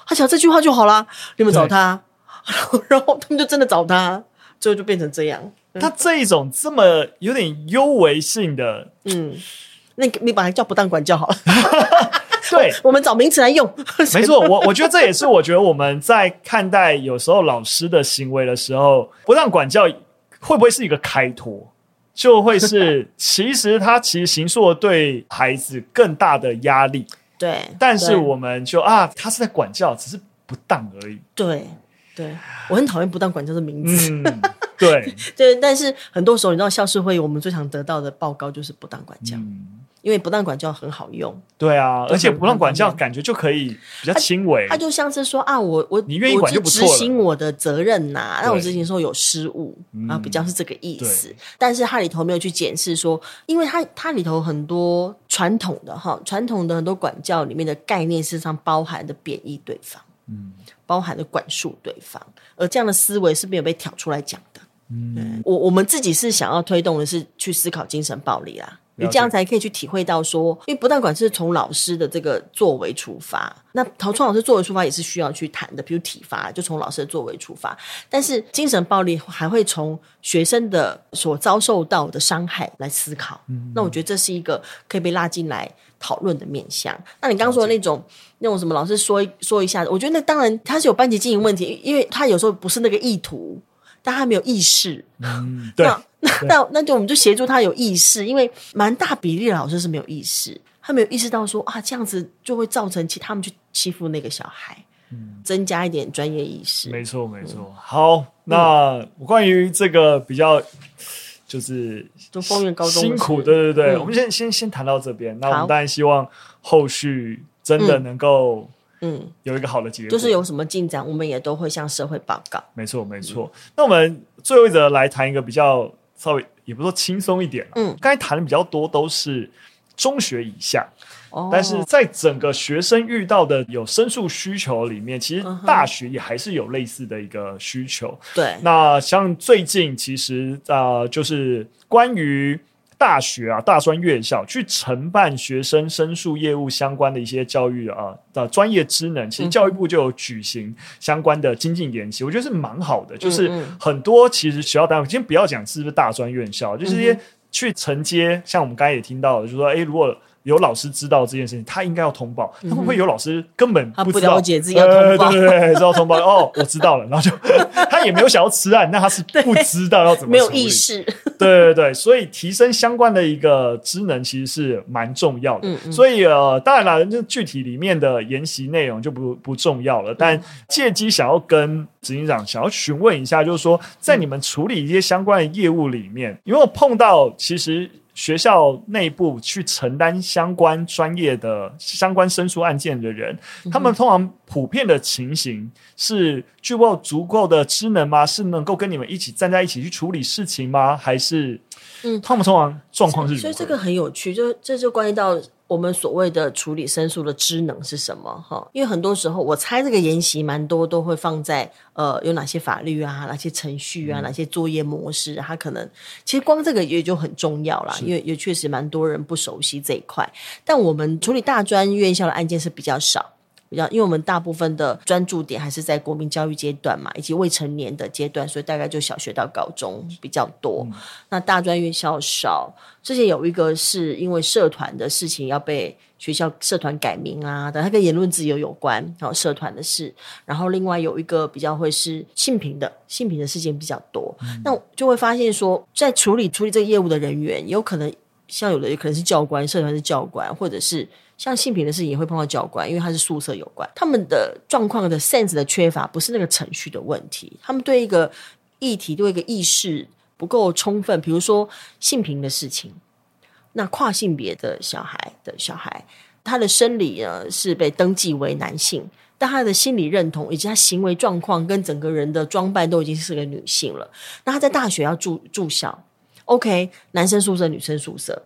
他講這句話就好啦，你們找他， *laughs* 然後他們就真的找他，最後就變成這樣。嗯、他這一種這麼有點幽微性的， *laughs* 嗯。那你把它叫不當管教好了。 *laughs* 對， *laughs* 我們找名詞來用。沒錯， *laughs* 我我覺得這也是我覺得我們在看待有時候老師的行為的時候，不當管教會不會是一個開脫？就會是其實他其實形塑對孩子更大的壓力。對。但是我們就啊，他是在管教，只是不當而已。對對，我很討厭不當管教的名詞、嗯。對 *laughs* 對，但是很多時候你知道，校事會我們最常得到的報告就是不當管教。嗯因為不當管教很好用，對啊，而且不當管教感覺就可以比較輕微，他，他就像是說啊，我我你願意管就不錯了，執行我的責任吶、啊，那我執行的時候有失誤、嗯、啊，比較是這個意思。但是它裡頭沒有去檢視說，因為它它裡頭很多傳統的哈，傳統的很多管教裡面的概念，事實上包含的貶義對方，嗯，包含的管束對方，而這樣的思維是沒有被挑出來講的。嗯，我我們自己是想要推動的是去思考精神暴力啦、啊。你這樣才可以去體會到說，因為不但管是從老師的這個作為出發，那陶創老師作為出發也是需要去談的，比如體罰，就從老師的作為出發。但是精神暴力還會從學生的所遭受到的傷害來思考，嗯嗯嗯。那我覺得這是一個可以被拉進來討論的面向。那你剛說的那種那種什麼老師說一說一下，我覺得那當然他是有班級經營問題，因為他有時候不是那個意圖，但他沒有意識。嗯，對。 *laughs* *laughs* 那那，就我們就協助他有意識，因為蠻大比例的老師是沒有意識，他沒有意識到說啊，這樣子就會造成其他們去欺負那個小孩，嗯、增加一點專業意識。沒、嗯、錯，沒錯。好，嗯、那關於這個比較，就是都豐原高中辛苦，對對對。嗯、我們先先先談到這邊、嗯，那我們當然希望後續真的能夠，嗯，有一個好的結果，嗯嗯、就是有什麼進展，我們也都會向社會報告。沒錯，沒錯、嗯。那我們最後一則來談一個比較。稍微也不說輕鬆一點，嗯，剛才談的比較多都是中學以下，哦，但是在整個學生遇到的有申訴需求裡面，其實大學也還是有類似的一個需求。對，嗯，那像最近其實啊、呃，就是關於。大學啊，大專院校去承辦學生申訴業務相關的一些教育啊的專業、啊、知能，其實教育部就有舉行相關的精進研習、嗯、我覺得是蠻好的。就是很多其實學校單位，我先不要講是不是大專院校，就是這些去承接，像我們剛才也聽到的，就是說哎、欸，如果。有老師知道這件事情，他應該要通報。嗯、會不會有老師根本不知道他不了解自己、呃？對對對，知道通報 *laughs* 哦，我知道了，然後就他也沒有想要吃案，那 *laughs* 他是不知道要怎麼處理。沒有意識。 *laughs* 對對對，所以提升相關的一個知能其實是蠻重要的。嗯嗯。所以呃，當然了，就具體裡面的研習內容就不不重要了。但借機想要跟執行長想要詢問一下，就是說，在你們處理一些相關的業務裡面，因為我碰到其實。學校內部去承擔相關專業的相關申訴案件的人，嗯，他們通常普遍的情形是：具備足夠的知能嗎？是能夠跟你們一起站在一起去處理事情嗎？還是，嗯，他們通常狀況是所？所以這個很有趣，就這就關係到。我們所謂的處理申訴的知能是什麼？哈，因為很多時候我猜這個研習蠻多都會放在呃有哪些法律啊、哪些程序啊、嗯、哪些作業模式，它可能其實光這個也就很重要啦，因為也確實蠻多人不熟悉這一塊。但我們處理大專院校的案件是比較少。因為，我們大部分的專注點還是在國民教育階段嘛，以及未成年的階段，所以大概就小學到高中比較多。嗯、那大專院校少。之前有一個是因為社團的事情要被學校社團改名啊，等它跟言論自由有關，然後社團的事。然後另外有一個比較會是性平的，性平的事情比較多，嗯。那就會發現說，在處理處理這個業務的人員，有可能像有的有可能是教官，社團是教官，或者是。像性平的事情也會碰到教官，因為他是宿舍有關。他們的狀況的 sense *noise* 的缺乏，不是那個程序的問題。他們對一個議題對一個意識不夠充分。比如說性平的事情，那跨性別的小孩的小孩，他的生理呢是被登記為男性，但他的心理認同以及他行為狀況跟整個人的裝扮都已經是個女性了。那他在大學要住住校，OK，男生宿舍女生宿舍。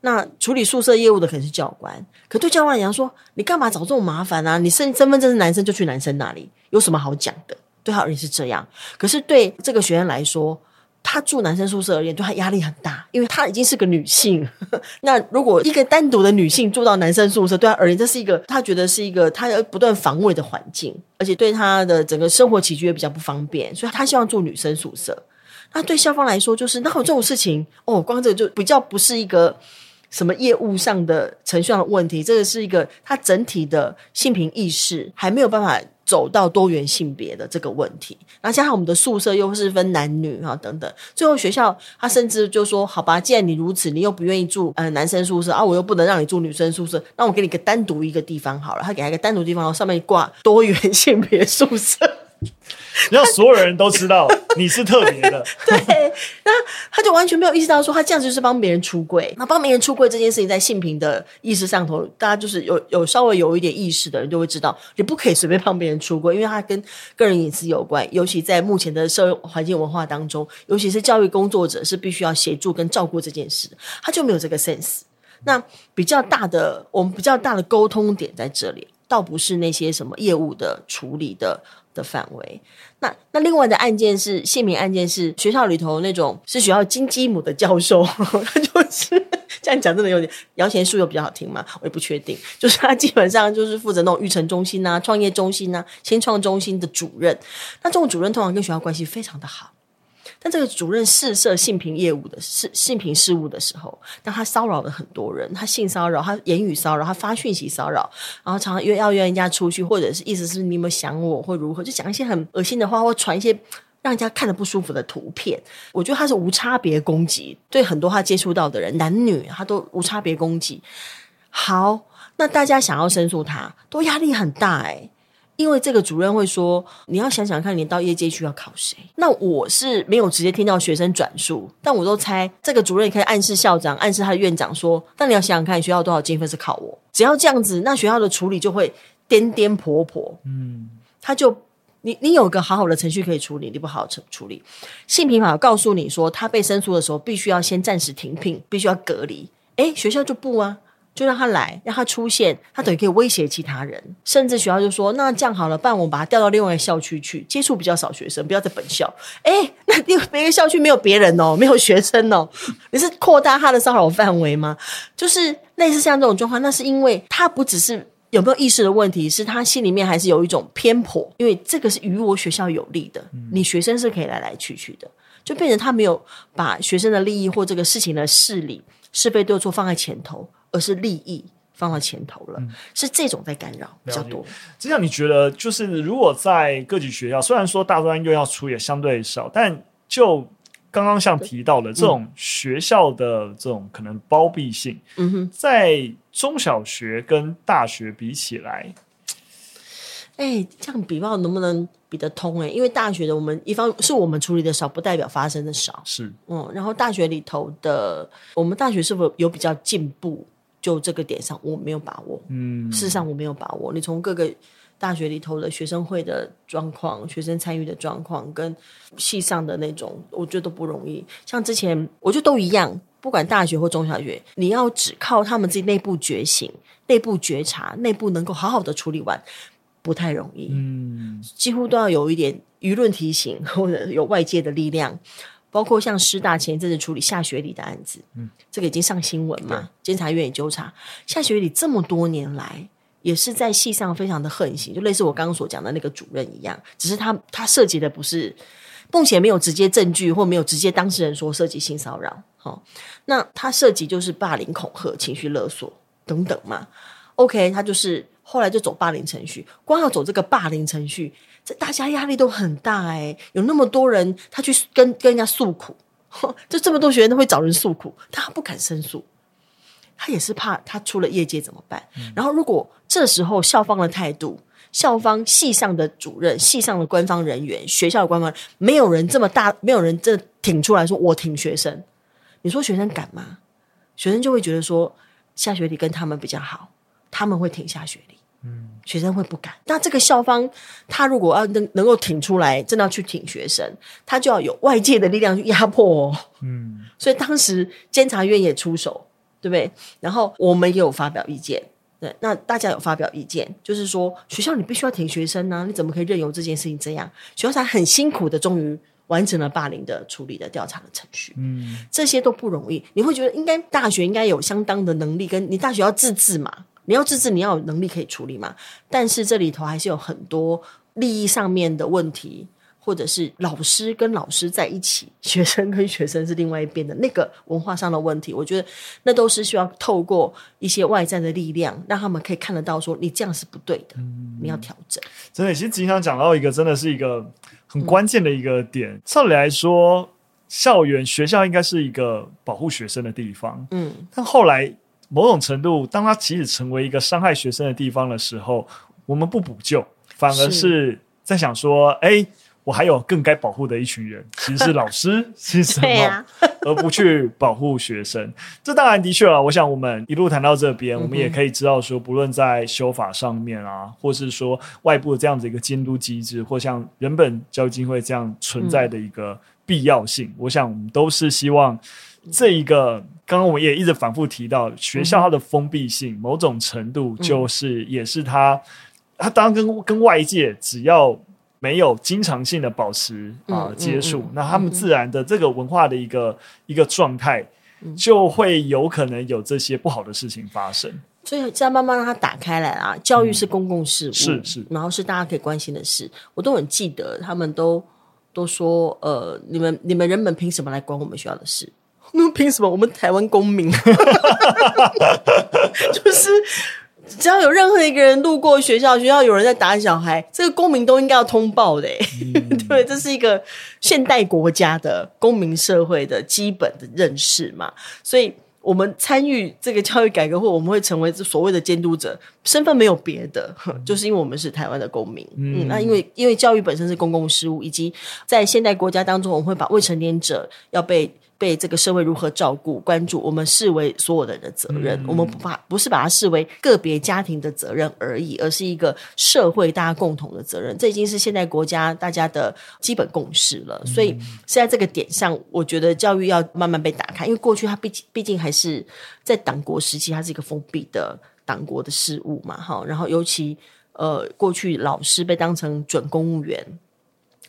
那處理宿舍業務的可能是教官，可對教官而言說，說：“你幹嘛找這種麻煩啊？你身身份證是男生，就去男生那裡，有什麼好講的？”對他而言是這樣。可是對這個學生來說，他住男生宿舍而言，對他壓力很大，因為他已經是個女性。呵呵，那如果一個單獨的女性住到男生宿舍，對他而言，這是一個他覺得是一個他要不斷防衛的環境，而且對他的整個生活起居也比較不方便，所以他希望住女生宿舍。那對校方來說，就是哪有這種事情哦，光這就比較不是一個。什麼業務上的程序上的問題，這個是一個他整體的性平意識還沒有辦法走到多元性別的這個問題。那加上我們的宿舍又是分男女啊等等，最後學校他甚至就說：“好吧，既然你如此，你又不願意住呃男生宿舍啊，我又不能讓你住女生宿舍，那我給你個單獨一個地方好了。”他給他一個單獨地方，然後上面掛多元性別宿舍。讓所有人都知道你是特別的 *laughs* 對對。對，那他就完全沒有意識到，說他這樣就是幫別人出櫃。那幫別人出櫃這件事情，在性平的意識上頭，大家就是有有稍微有一點意識的人，就會知道你不可以隨便幫別人出櫃，因為他跟個人隱私有關。尤其在目前的社會環境文化當中，尤其是教育工作者，是必須要協助跟照顧這件事。他就沒有這個 sense。那比較大的，我們比較大的溝通點在這裡，倒不是那些什麼業務的處理的。的範圍，那那另外的案件是謝名案件是，是學校裡頭那種是學校金雞母的教授，他就是這樣講，真的有點搖錢樹，書又比較好聽嘛，我也不確定，就是他基本上就是負責那種育成中心吶、啊、創業中心吶、啊、新創中心的主任，那這種主任通常跟學校關係非常的好。但這個主任試射性平業務的試性平事務的時候，當他騷擾了很多人，他性騷擾，他言語騷擾，他發訊息騷擾，然後常常約要約人家出去，或者是意思是你有沒有想我或如何，就講一些很惡心的話，或傳一些讓人家看得不舒服的圖片。我覺得他是無差別攻擊，對很多他接觸到的人，男女他都無差別攻擊。好，那大家想要申訴他，他都壓力很大哎、欸。因為這個主任會說，你要想想看，你到業界去要靠誰？那我是沒有直接聽到學生轉述，但我都猜這個主任可以暗示校長，暗示他的院長說，但你要想想看，你學校多少經費是靠我？只要這樣子，那學校的處理就會顛顛簸簸。嗯，他就你，你有個好好的程序可以處理，你不好好處處理，性平法告訴你說，他被申訴的時候，必須要先暫時停聘，必須要隔離。誒，學校就不啊。就讓他來，讓他出現，他等於可以威脅其他人，甚至學校就說：“那這樣好了，不然，我們把他調到另外一個校區去，接觸比較少學生，不要在本校。欸”哎，那另外一個校區沒有別人哦，沒有學生哦，你是擴大他的騷擾範圍嗎？就是類似像這種狀況，那是因為他不只是有沒有意識的問題，是他心裡面還是有一種偏頗，因為這個是與我學校有利的，你學生是可以來來去去的，就變成他沒有把學生的利益或這個事情的事理是非對錯放在前頭。而是利益放到前頭了，嗯、是這種在干擾比較多。這樣你覺得，就是如果在各級學校，雖然說大專院校處理也相對少，但就剛剛像提到的這種學校的這種可能包庇性，嗯、在中小學跟大學比起來，哎、嗯欸，這樣比方能不能比得通、欸？哎，因為大學的我們一方是我們處理的少，不代表發生的少，是嗯。然後大學裡頭的，我們大學是否有比較進步？就這個點上，我沒有把握。嗯，事實上我沒有把握。你從各個大學裡頭的學生會的狀況、學生參與的狀況，跟系上的那種，我覺得都不容易。像之前，我覺得都一樣，不管大學或中小學，你要只靠他們自己內部覺醒、內部覺察、內部能夠好好的處理完，不太容易。嗯，幾乎都要有一點輿論提醒，或者有外界的力量。包括像師大前一陣子處理夏學禮的案子，嗯，這個已經上新聞嘛？監察院也糾查夏學禮這麼多年來也是在系上非常的橫行，就類似我剛剛所講的那個主任一樣，只是他他涉及的不是目前沒有直接證據或沒有直接當事人說涉及性騷擾，哦，那他涉及就是霸凌、恐嚇、情緒勒索等等嘛？OK，他就是後來就走霸凌程序，光要走這個霸凌程序。這大家壓力都很大哎、欸，有那麼多人他去跟跟人家訴苦，就這麼多學生都會找人訴苦，但他不敢申訴，他也是怕他出了業界怎麼辦？然後如果這時候校方的態度，校方系上的主任、系上的官方人員、學校的官方人，沒有人這麼大，沒有人真的挺出來說我挺學生，你說學生敢嗎？學生就會覺得說下學歷跟他們比較好，他們會挺下學歷。嗯，學生會不敢。那這個校方，他如果要能能夠挺出來，真的要去挺學生，他就要有外界的力量去壓迫、哦。嗯，所以當時監察院也出手，對不對？然後我們也有發表意見，對，那大家有發表意見，就是說學校你必須要挺學生呢、啊，你怎麼可以任由這件事情這樣？學校才很辛苦的，終於完成了霸凌的處理的調查的程序。嗯，這些都不容易。你會覺得應該大學應該有相當的能力，跟你大學要自治嘛？你要自治，你要有能力可以處理嘛？但是這裡頭還是有很多利益上面的問題，或者是老師跟老師在一起，學生跟學生是另外一邊的那個文化上的問題，我覺得那都是需要透過一些外在的力量，讓他們可以看得到說，說你這樣是不對的，嗯、你要調整。真的，其實經常講到一個真的是一個很關鍵的一個點、嗯。照理來說，校園學校應該是一個保護學生的地方，嗯，但後來。某種程度，當他其實成為一個傷害學生的地方的時候，我們不補救，反而是在想說：“哎，我還有更該保護的一群人，其實是老師，是 *laughs* 其實是什麼，對啊、 *laughs* 而不去保護學生。這當然的確了、啊。我想我們一路談到這邊，我們也可以知道說，不論在修法上面啊，或是說外部這樣子一個監督機制，或像人本教育基金會這樣存在的一個必要性，嗯、我想我們都是希望這一個。剛剛我們也一直反覆提到，學校它的封閉性，某種程度就是也是它，嗯、它當然跟跟外界只要沒有經常性的保持啊、嗯呃、接觸、嗯嗯，那他們自然的這個文化的一個、嗯、一個狀態、嗯，就會有可能有這些不好的事情發生。所以這樣慢慢讓它打開來啊，教育是公共事務，嗯、是是，然後是大家可以關心的事。我都很記得，他們都都說，呃，你們你們人們憑什麼來管我們學校的事？那憑什麼我們台灣公民？ *laughs* 就是只要有任何一個人路過學校，學校有人在打小孩，這個公民都應該要通報的、欸， *laughs* 對，這是一個現代國家的公民社會的基本的認識嘛。所以，我們參與這個教育改革會，或我們會成為所謂的監督者，身份沒有別的，就是因為我們是台灣的公民。嗯，那、嗯啊、因為因為教育本身是公共事務，以及在現代國家當中，我們會把未成年者要被。被這個社會如何照顧、關注，我們視為所有的人的責任、嗯。我們不怕，不是把它視為個別家庭的責任而已，而是一個社會大家共同的責任。這已經是現代國家大家的基本共識了。所以，在這個點上，我覺得教育要慢慢被打開。因為過去它畢竟畢竟還是在黨國時期，它是一個封閉的黨國的事務嘛。哈，然後尤其呃，過去老師被當成準公務員。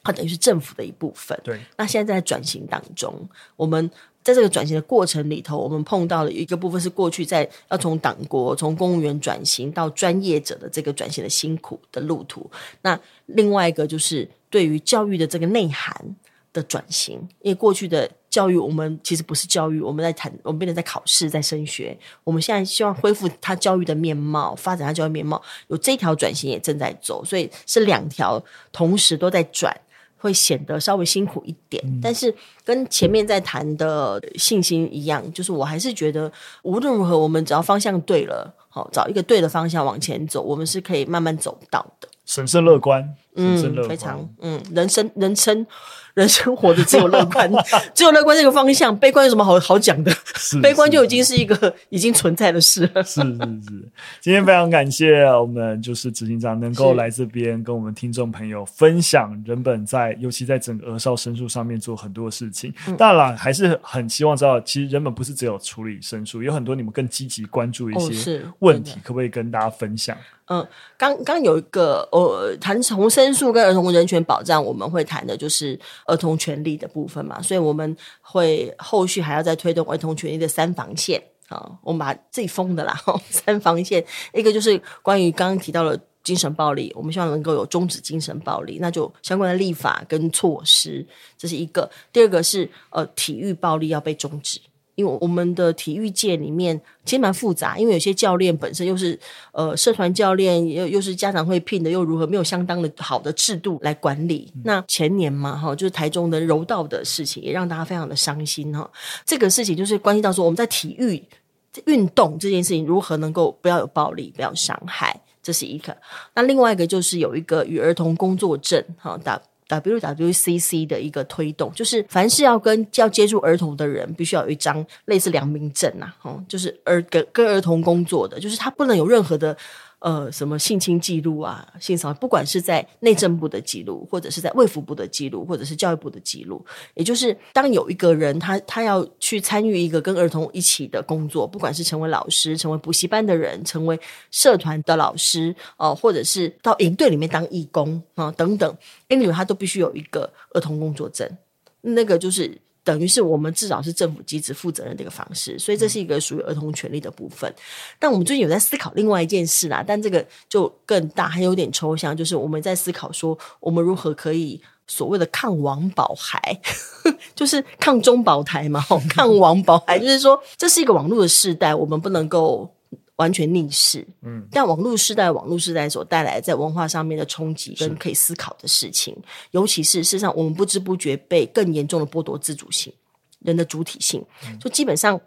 它等於是政府的一部分。對，那現在在轉型當中，我們在這個轉型的過程裡頭，我們碰到了一個部分是過去在要從黨國、從公務員轉型到專業者的這個轉型的辛苦的路途。那另外一個就是對於教育的這個內涵的轉型，因為過去的教育我們其實不是教育，我們在談，我們變得在考試、在升學。我們現在希望恢復它教育的面貌，發展它教育面貌，有這條轉型也正在走，所以是兩條同時都在轉。會顯得稍微辛苦一點，但是跟前面在談的信心一樣，就是我還是覺得，無論如何，我們只要方向對了，好找一個對的方向往前走，我們是可以慢慢走到的。審慎，審慎樂觀，嗯，非常，嗯，人生，人生，人生活的只有樂觀， *laughs* 只有樂觀這個方向，悲觀有什麼好好講的？是，是 *laughs* 悲觀就已經是一個已經存在的事了。是，是是是，今天非常感謝我們就是執行長能夠來這邊跟我們聽眾朋友分享人本在，尤其在整個兒少申訴上面做很多事情。當、嗯、然還是很希望知道，其實人本不是只有處理申訴，有很多你們更積極關注一些問題，哦、可不可以跟大家分享？嗯、呃，剛剛有一個呃、哦，談童申訴跟兒童人權保障，我們會談的就是兒童權利的部分嘛，所以我們會後續還要再推動兒童權利的三防線啊、哦，我們把自己封的啦，三防線，一個就是關於剛剛提到了精神暴力，我們希望能夠有終止精神暴力，那就相關的立法跟措施，這是一個；第二個是呃，體育暴力要被終止。因為我們的體育界裡面其實蠻複雜，因為有些教練本身又是呃社團教練，又又是家長會聘的，又如何沒有相當的好的制度來管理？嗯、那前年嘛，哈、哦，就是台中的柔道的事情，也讓大家非常的傷心哈、哦。這個事情就是關係到說我們在體育運動這件事情如何能夠不要有暴力，不要傷害，這是一個。那另外一個就是有一個與兒童工作證，哈、哦。W W C C 的一個推動，就是凡是要跟要接觸兒童的人，必須要有一張類似良民證吶、啊，吼、嗯，就是兒跟跟兒童工作的，就是他不能有任何的。呃，什麼性侵記錄啊，性騷擾，不管是在內政部的記錄，或者是在衛福部的記錄，或者是教育部的記錄，也就是當有一個人他他要去參與一個跟兒童一起的工作，不管是成為老師、成為補習班的人、成為社團的老師，哦、呃，或者是到營隊裡面當義工啊、呃、等等，anyway 他都必須有一個兒童工作證，那個就是。等於是我們至少是政府機制負責任的一個方式，所以這是一個屬於兒童權利的部分、嗯。但我們最近有在思考另外一件事啦，但這個就更大還有點抽象，就是我們在思考說我們如何可以所謂的抗網保孩， *laughs* 就是抗中保台嘛，哦、抗網保孩， *laughs* 就是說這是一個網絡的世代，我們不能夠。完全逆勢，嗯，但網絡時代，網絡時代所帶來在文化上面的衝擊跟可以思考的事情，尤其是事實上，我們不知不覺被更嚴重的剝奪自主性，人的主體性，就、嗯、基本上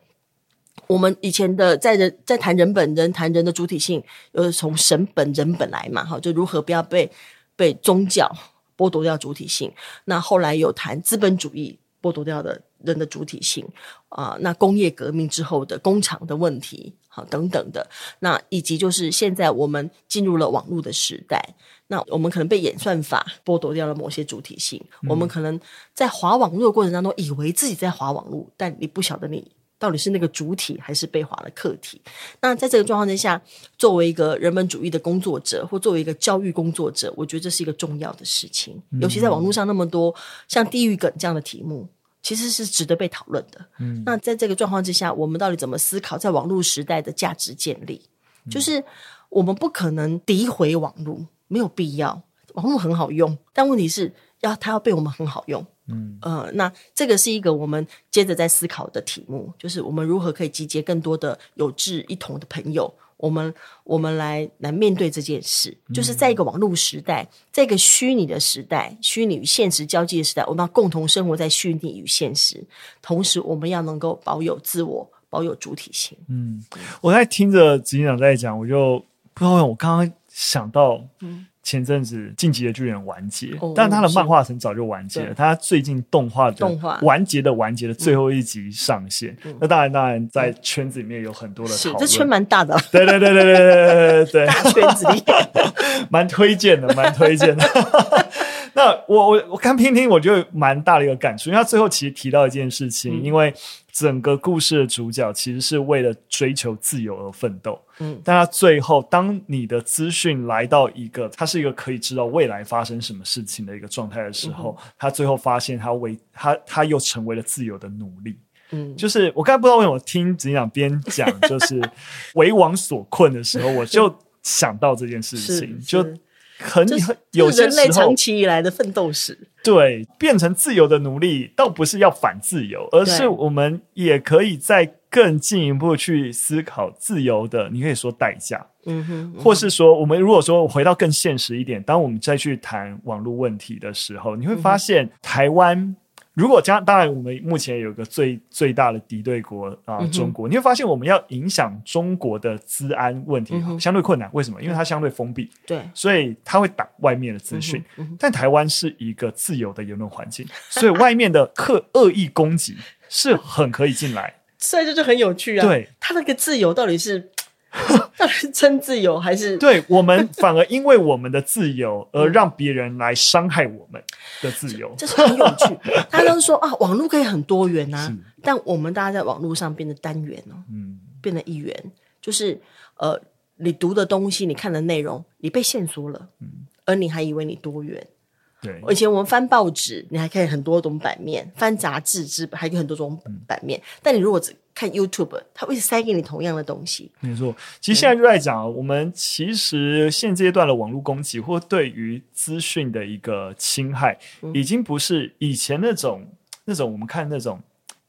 我們以前的在人，在談人本人談人的主體性，又是從神本人本來嘛，哈，就如何不要被被宗教剝奪掉主體性，那後來有談資本主義剝奪掉的人的主體性啊、呃，那工業革命之後的工廠的問題。好，等等的，那以及就是現在我們進入了網絡的時代，那我們可能被演算法剝奪掉了某些主體性。嗯、我們可能在滑網絡的過程當中，以為自己在滑網絡，但你不曉得你到底是那個主體還是被滑了客體。那在這個狀況之下，作為一個人本主義的工作者，或作為一個教育工作者，我覺得這是一個重要的事情，嗯、尤其在網絡上那麼多像地獄梗這樣的題目。其實是值得被討論的。嗯，那在這個狀況之下，我們到底怎麼思考在網絡時代的價值建立？嗯。就是我們不可能詆毀網絡，沒有必要。網絡很好用，但問題是要，它要被我們很好用。嗯，呃，那這個是一個我們接着在思考的題目，就是我們如何可以集結更多的有志一同的朋友。我們我們來來面對這件事，就是在一個網絡時代、嗯，在一個虛擬的時代，虛擬與現實交際的時代，我們要共同生活在虛擬與現實，同時我們要能夠保有自我，保有主體性。嗯，我在聽着執行長在講，我就不知道我剛剛想到，嗯。前陣子進擊的巨人完結，但他的漫畫曾早就完結了。哦、他最近動畫的完結的完結的最後一集上線，那、嗯、當然，當然在圈子裡面有很多的討論、嗯。這圈蠻大的、啊，對對對對對對對對對,對。 *laughs* 大圈子裡，蠻 *laughs* 推薦的，蠻推薦的。 *laughs* *laughs* 那我我我剛聽聽，我覺得蠻大的一個感觸，因為他最後其實提到一件事情、嗯，因為整個故事的主角其實是為了追求自由而奮鬥，嗯，但他最後當你的資訊來到一個，他是一個可以知道未來發生什麼事情的一個狀態的時候、嗯，他最後發現他為他他又成為了自由的奴隸，嗯，就是我剛才不知道為什麼我聽執行長邊講，就是為 *laughs* 王所困的時候，我就想到這件事情 *laughs* 就。很、就是、有、就是、人類長期以來的奮鬥史，對，變成自由的奴隸，倒不是要反自由，而是我們也可以再更進一步去思考自由的，你可以說代價、嗯，嗯哼，或是說我們如果說回到更現實一點，當我們再去談網絡問題的時候，你會發現、嗯、台灣。如果將，當然，我們目前有一個最最大的敵對國啊、嗯，中國，你會發現我們要影響中國的治安問題、嗯、相對困難。為什麼？嗯、因為它相對封閉，對，所以它會擋外面的資訊、嗯。但台灣是一個自由的言論環境、嗯，所以外面的刻惡意攻擊是很可以進來。 *laughs* 所以這就很有趣啊！對，它那個自由到底是？那 *laughs* 是真自由還是 *laughs* 對？對我們反而因為我們的自由而讓別人來傷害我們的自由， *laughs* 這是很有趣。他都說啊，網絡可以很多元吶、啊，但我們大家在網絡上變得單元哦，嗯，變得一元，就是呃，你讀的東西，你看的內容，你被限縮了，嗯，而你還以為你多元，對。以前我們翻報紙，你還可以很多種版面，翻雜誌之還可以很多種版面，嗯、但你如果只。看 YouTube，他會塞給你同樣的東西。沒錯，其實現在就在講、嗯、我們其實現階段的網絡攻擊或對於資訊的一個侵害，已經不是以前那種、嗯、那種我們看那種。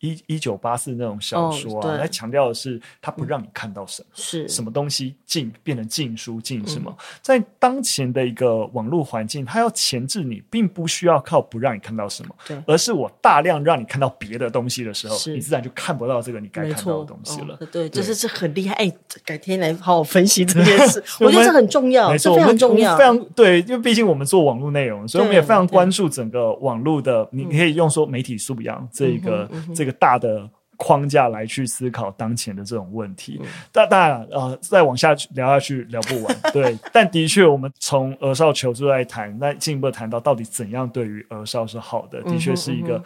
一一九八四那種小說啊，它強調的是，它不讓你看到什麼，嗯、是什麼東西禁，變成禁書禁什麼？嗯、在當前的一個網絡環境，它要鉗制你，並不需要靠不讓你看到什麼，而是我大量讓你看到別的東西的時候，你自然就看不到這個你該看到的東西了。哦、對，這、就是這很厲害。哎，改天來好好分析這件事， *laughs* 我覺得這很重要，這 *laughs* 非常重要，非常對，因為畢竟我們做網絡內容，所以我們也非常關注整個網絡的。你可以用說媒體素養這一個、嗯、這個。嗯大的框架來去思考當前的這種問題，但當然呃，再往下去聊下去聊不完， *laughs* 對。但的確，我們從兒少求助來談，那進一步談到到底怎樣對於兒少是好的，嗯、的確是一個、嗯、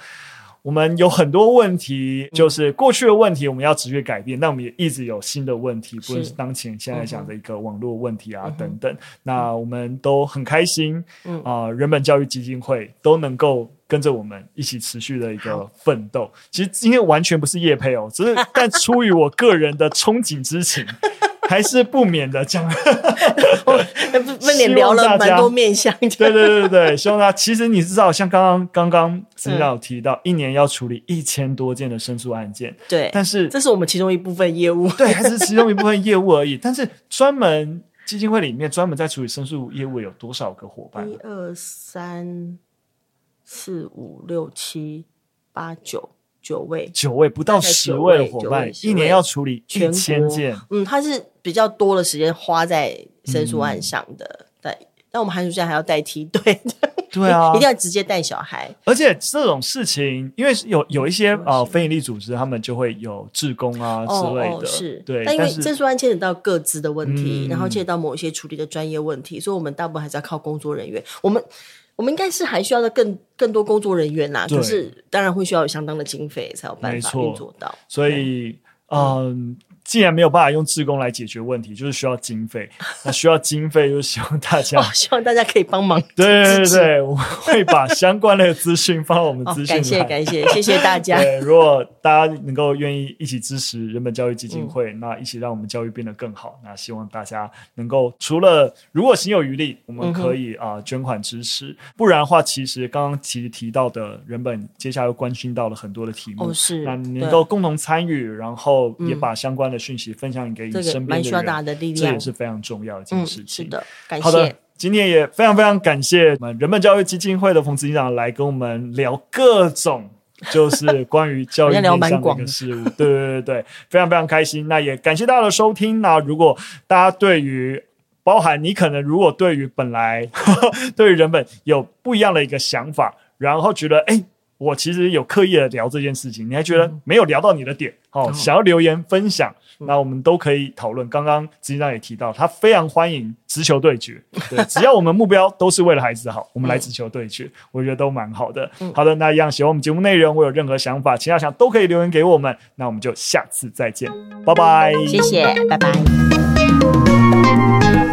我們有很多問題、嗯，就是過去的問題我們要直接改變，那、嗯、我們也一直有新的問題，不論是當前現在講的一個網絡問題啊、嗯、等等，那我們都很開心，啊、嗯呃，人本教育基金會都能夠。跟着我們一起持續的一個奮鬥，其實今天完全不是業配哦，只是但出於我個人的憧憬之情， *laughs* 還是不免的講。問、 *laughs* *laughs* 哦、你聊了蠻多面相，對對對對，希望大家其實你知道，像剛剛剛剛陳老提到、嗯，一年要處理一千多件的申訴案件，對，但是這是我們其中一部分業務， *laughs* 對，還是其中一部分業務而已。但是專門基金會裡面專門在處理申訴業務有多少個夥伴？一二三。四五六七八九九位，九位不到十位伙伴，一年要處理一千件全。嗯，他是比較多的時間花在申訴案上的、嗯。對，但我們寒暑假還要帶梯隊，對對啊、嗯，一定要直接帶小孩。而且這種事情，因為有有一些、嗯、呃非營利組織，他們就會有志工啊、哦、之類的、哦。是，對，但因為申訴案牽扯到個資的問題，嗯、然後牽扯到某一些處理的專業問題、嗯，所以我們大部分還是要靠工作人員。我們。我們應該是還需要的更更多工作人員吶，就是當然會需要有相當的經費才有辦法運作到，所以嗯。嗯既然沒有辦法用志工來解決問題，就是需要經費。那需要經費，就是希望大家、 *laughs* 哦，希望大家可以幫忙，對對 *laughs* 對，對對對對 *laughs* 我會把相關的資訊放到我們的資訊、哦、感謝感謝，謝謝大家 *laughs* 對。如果大家能夠願意一起支持人本教育基金會，嗯、那一起讓我們教育變得更好。那希望大家能夠除了如果行有餘力，我們可以、嗯、啊捐款支持。不然的話，其實剛剛提提到的人本，接下來又關心到了很多的題目。哦、是。那能夠共同參與，然後也把相關的。訊息分享給你身邊的人、這個的，這也是非常重要的一件事情、嗯。是的，感謝。好的，今天也非常非常感謝我們人本教育基金會的馮執行長來跟我們聊各種，就是關於教育相關的事物。對對對，對非常非常開心。那也感謝大家的收聽、啊。那如果大家對於包含你可能如果對於本來呵呵對於人本有不一樣的一個想法，然後覺得哎。誒我其實有刻意的聊這件事情，你還覺得沒有聊到你的點？好、嗯哦，想要留言分享、嗯，那我們都可以討論。剛剛執行長也提到，他非常歡迎直球對決，對， *laughs* 只要我們目標都是為了孩子好，我們來直球對決、嗯，我覺得都蠻好的。嗯、好的，那一樣喜歡我們節目內容，我有任何想法，其他人都可以留言給我們。那我們就下次再見，嗯、拜拜，謝謝，拜拜。拜拜。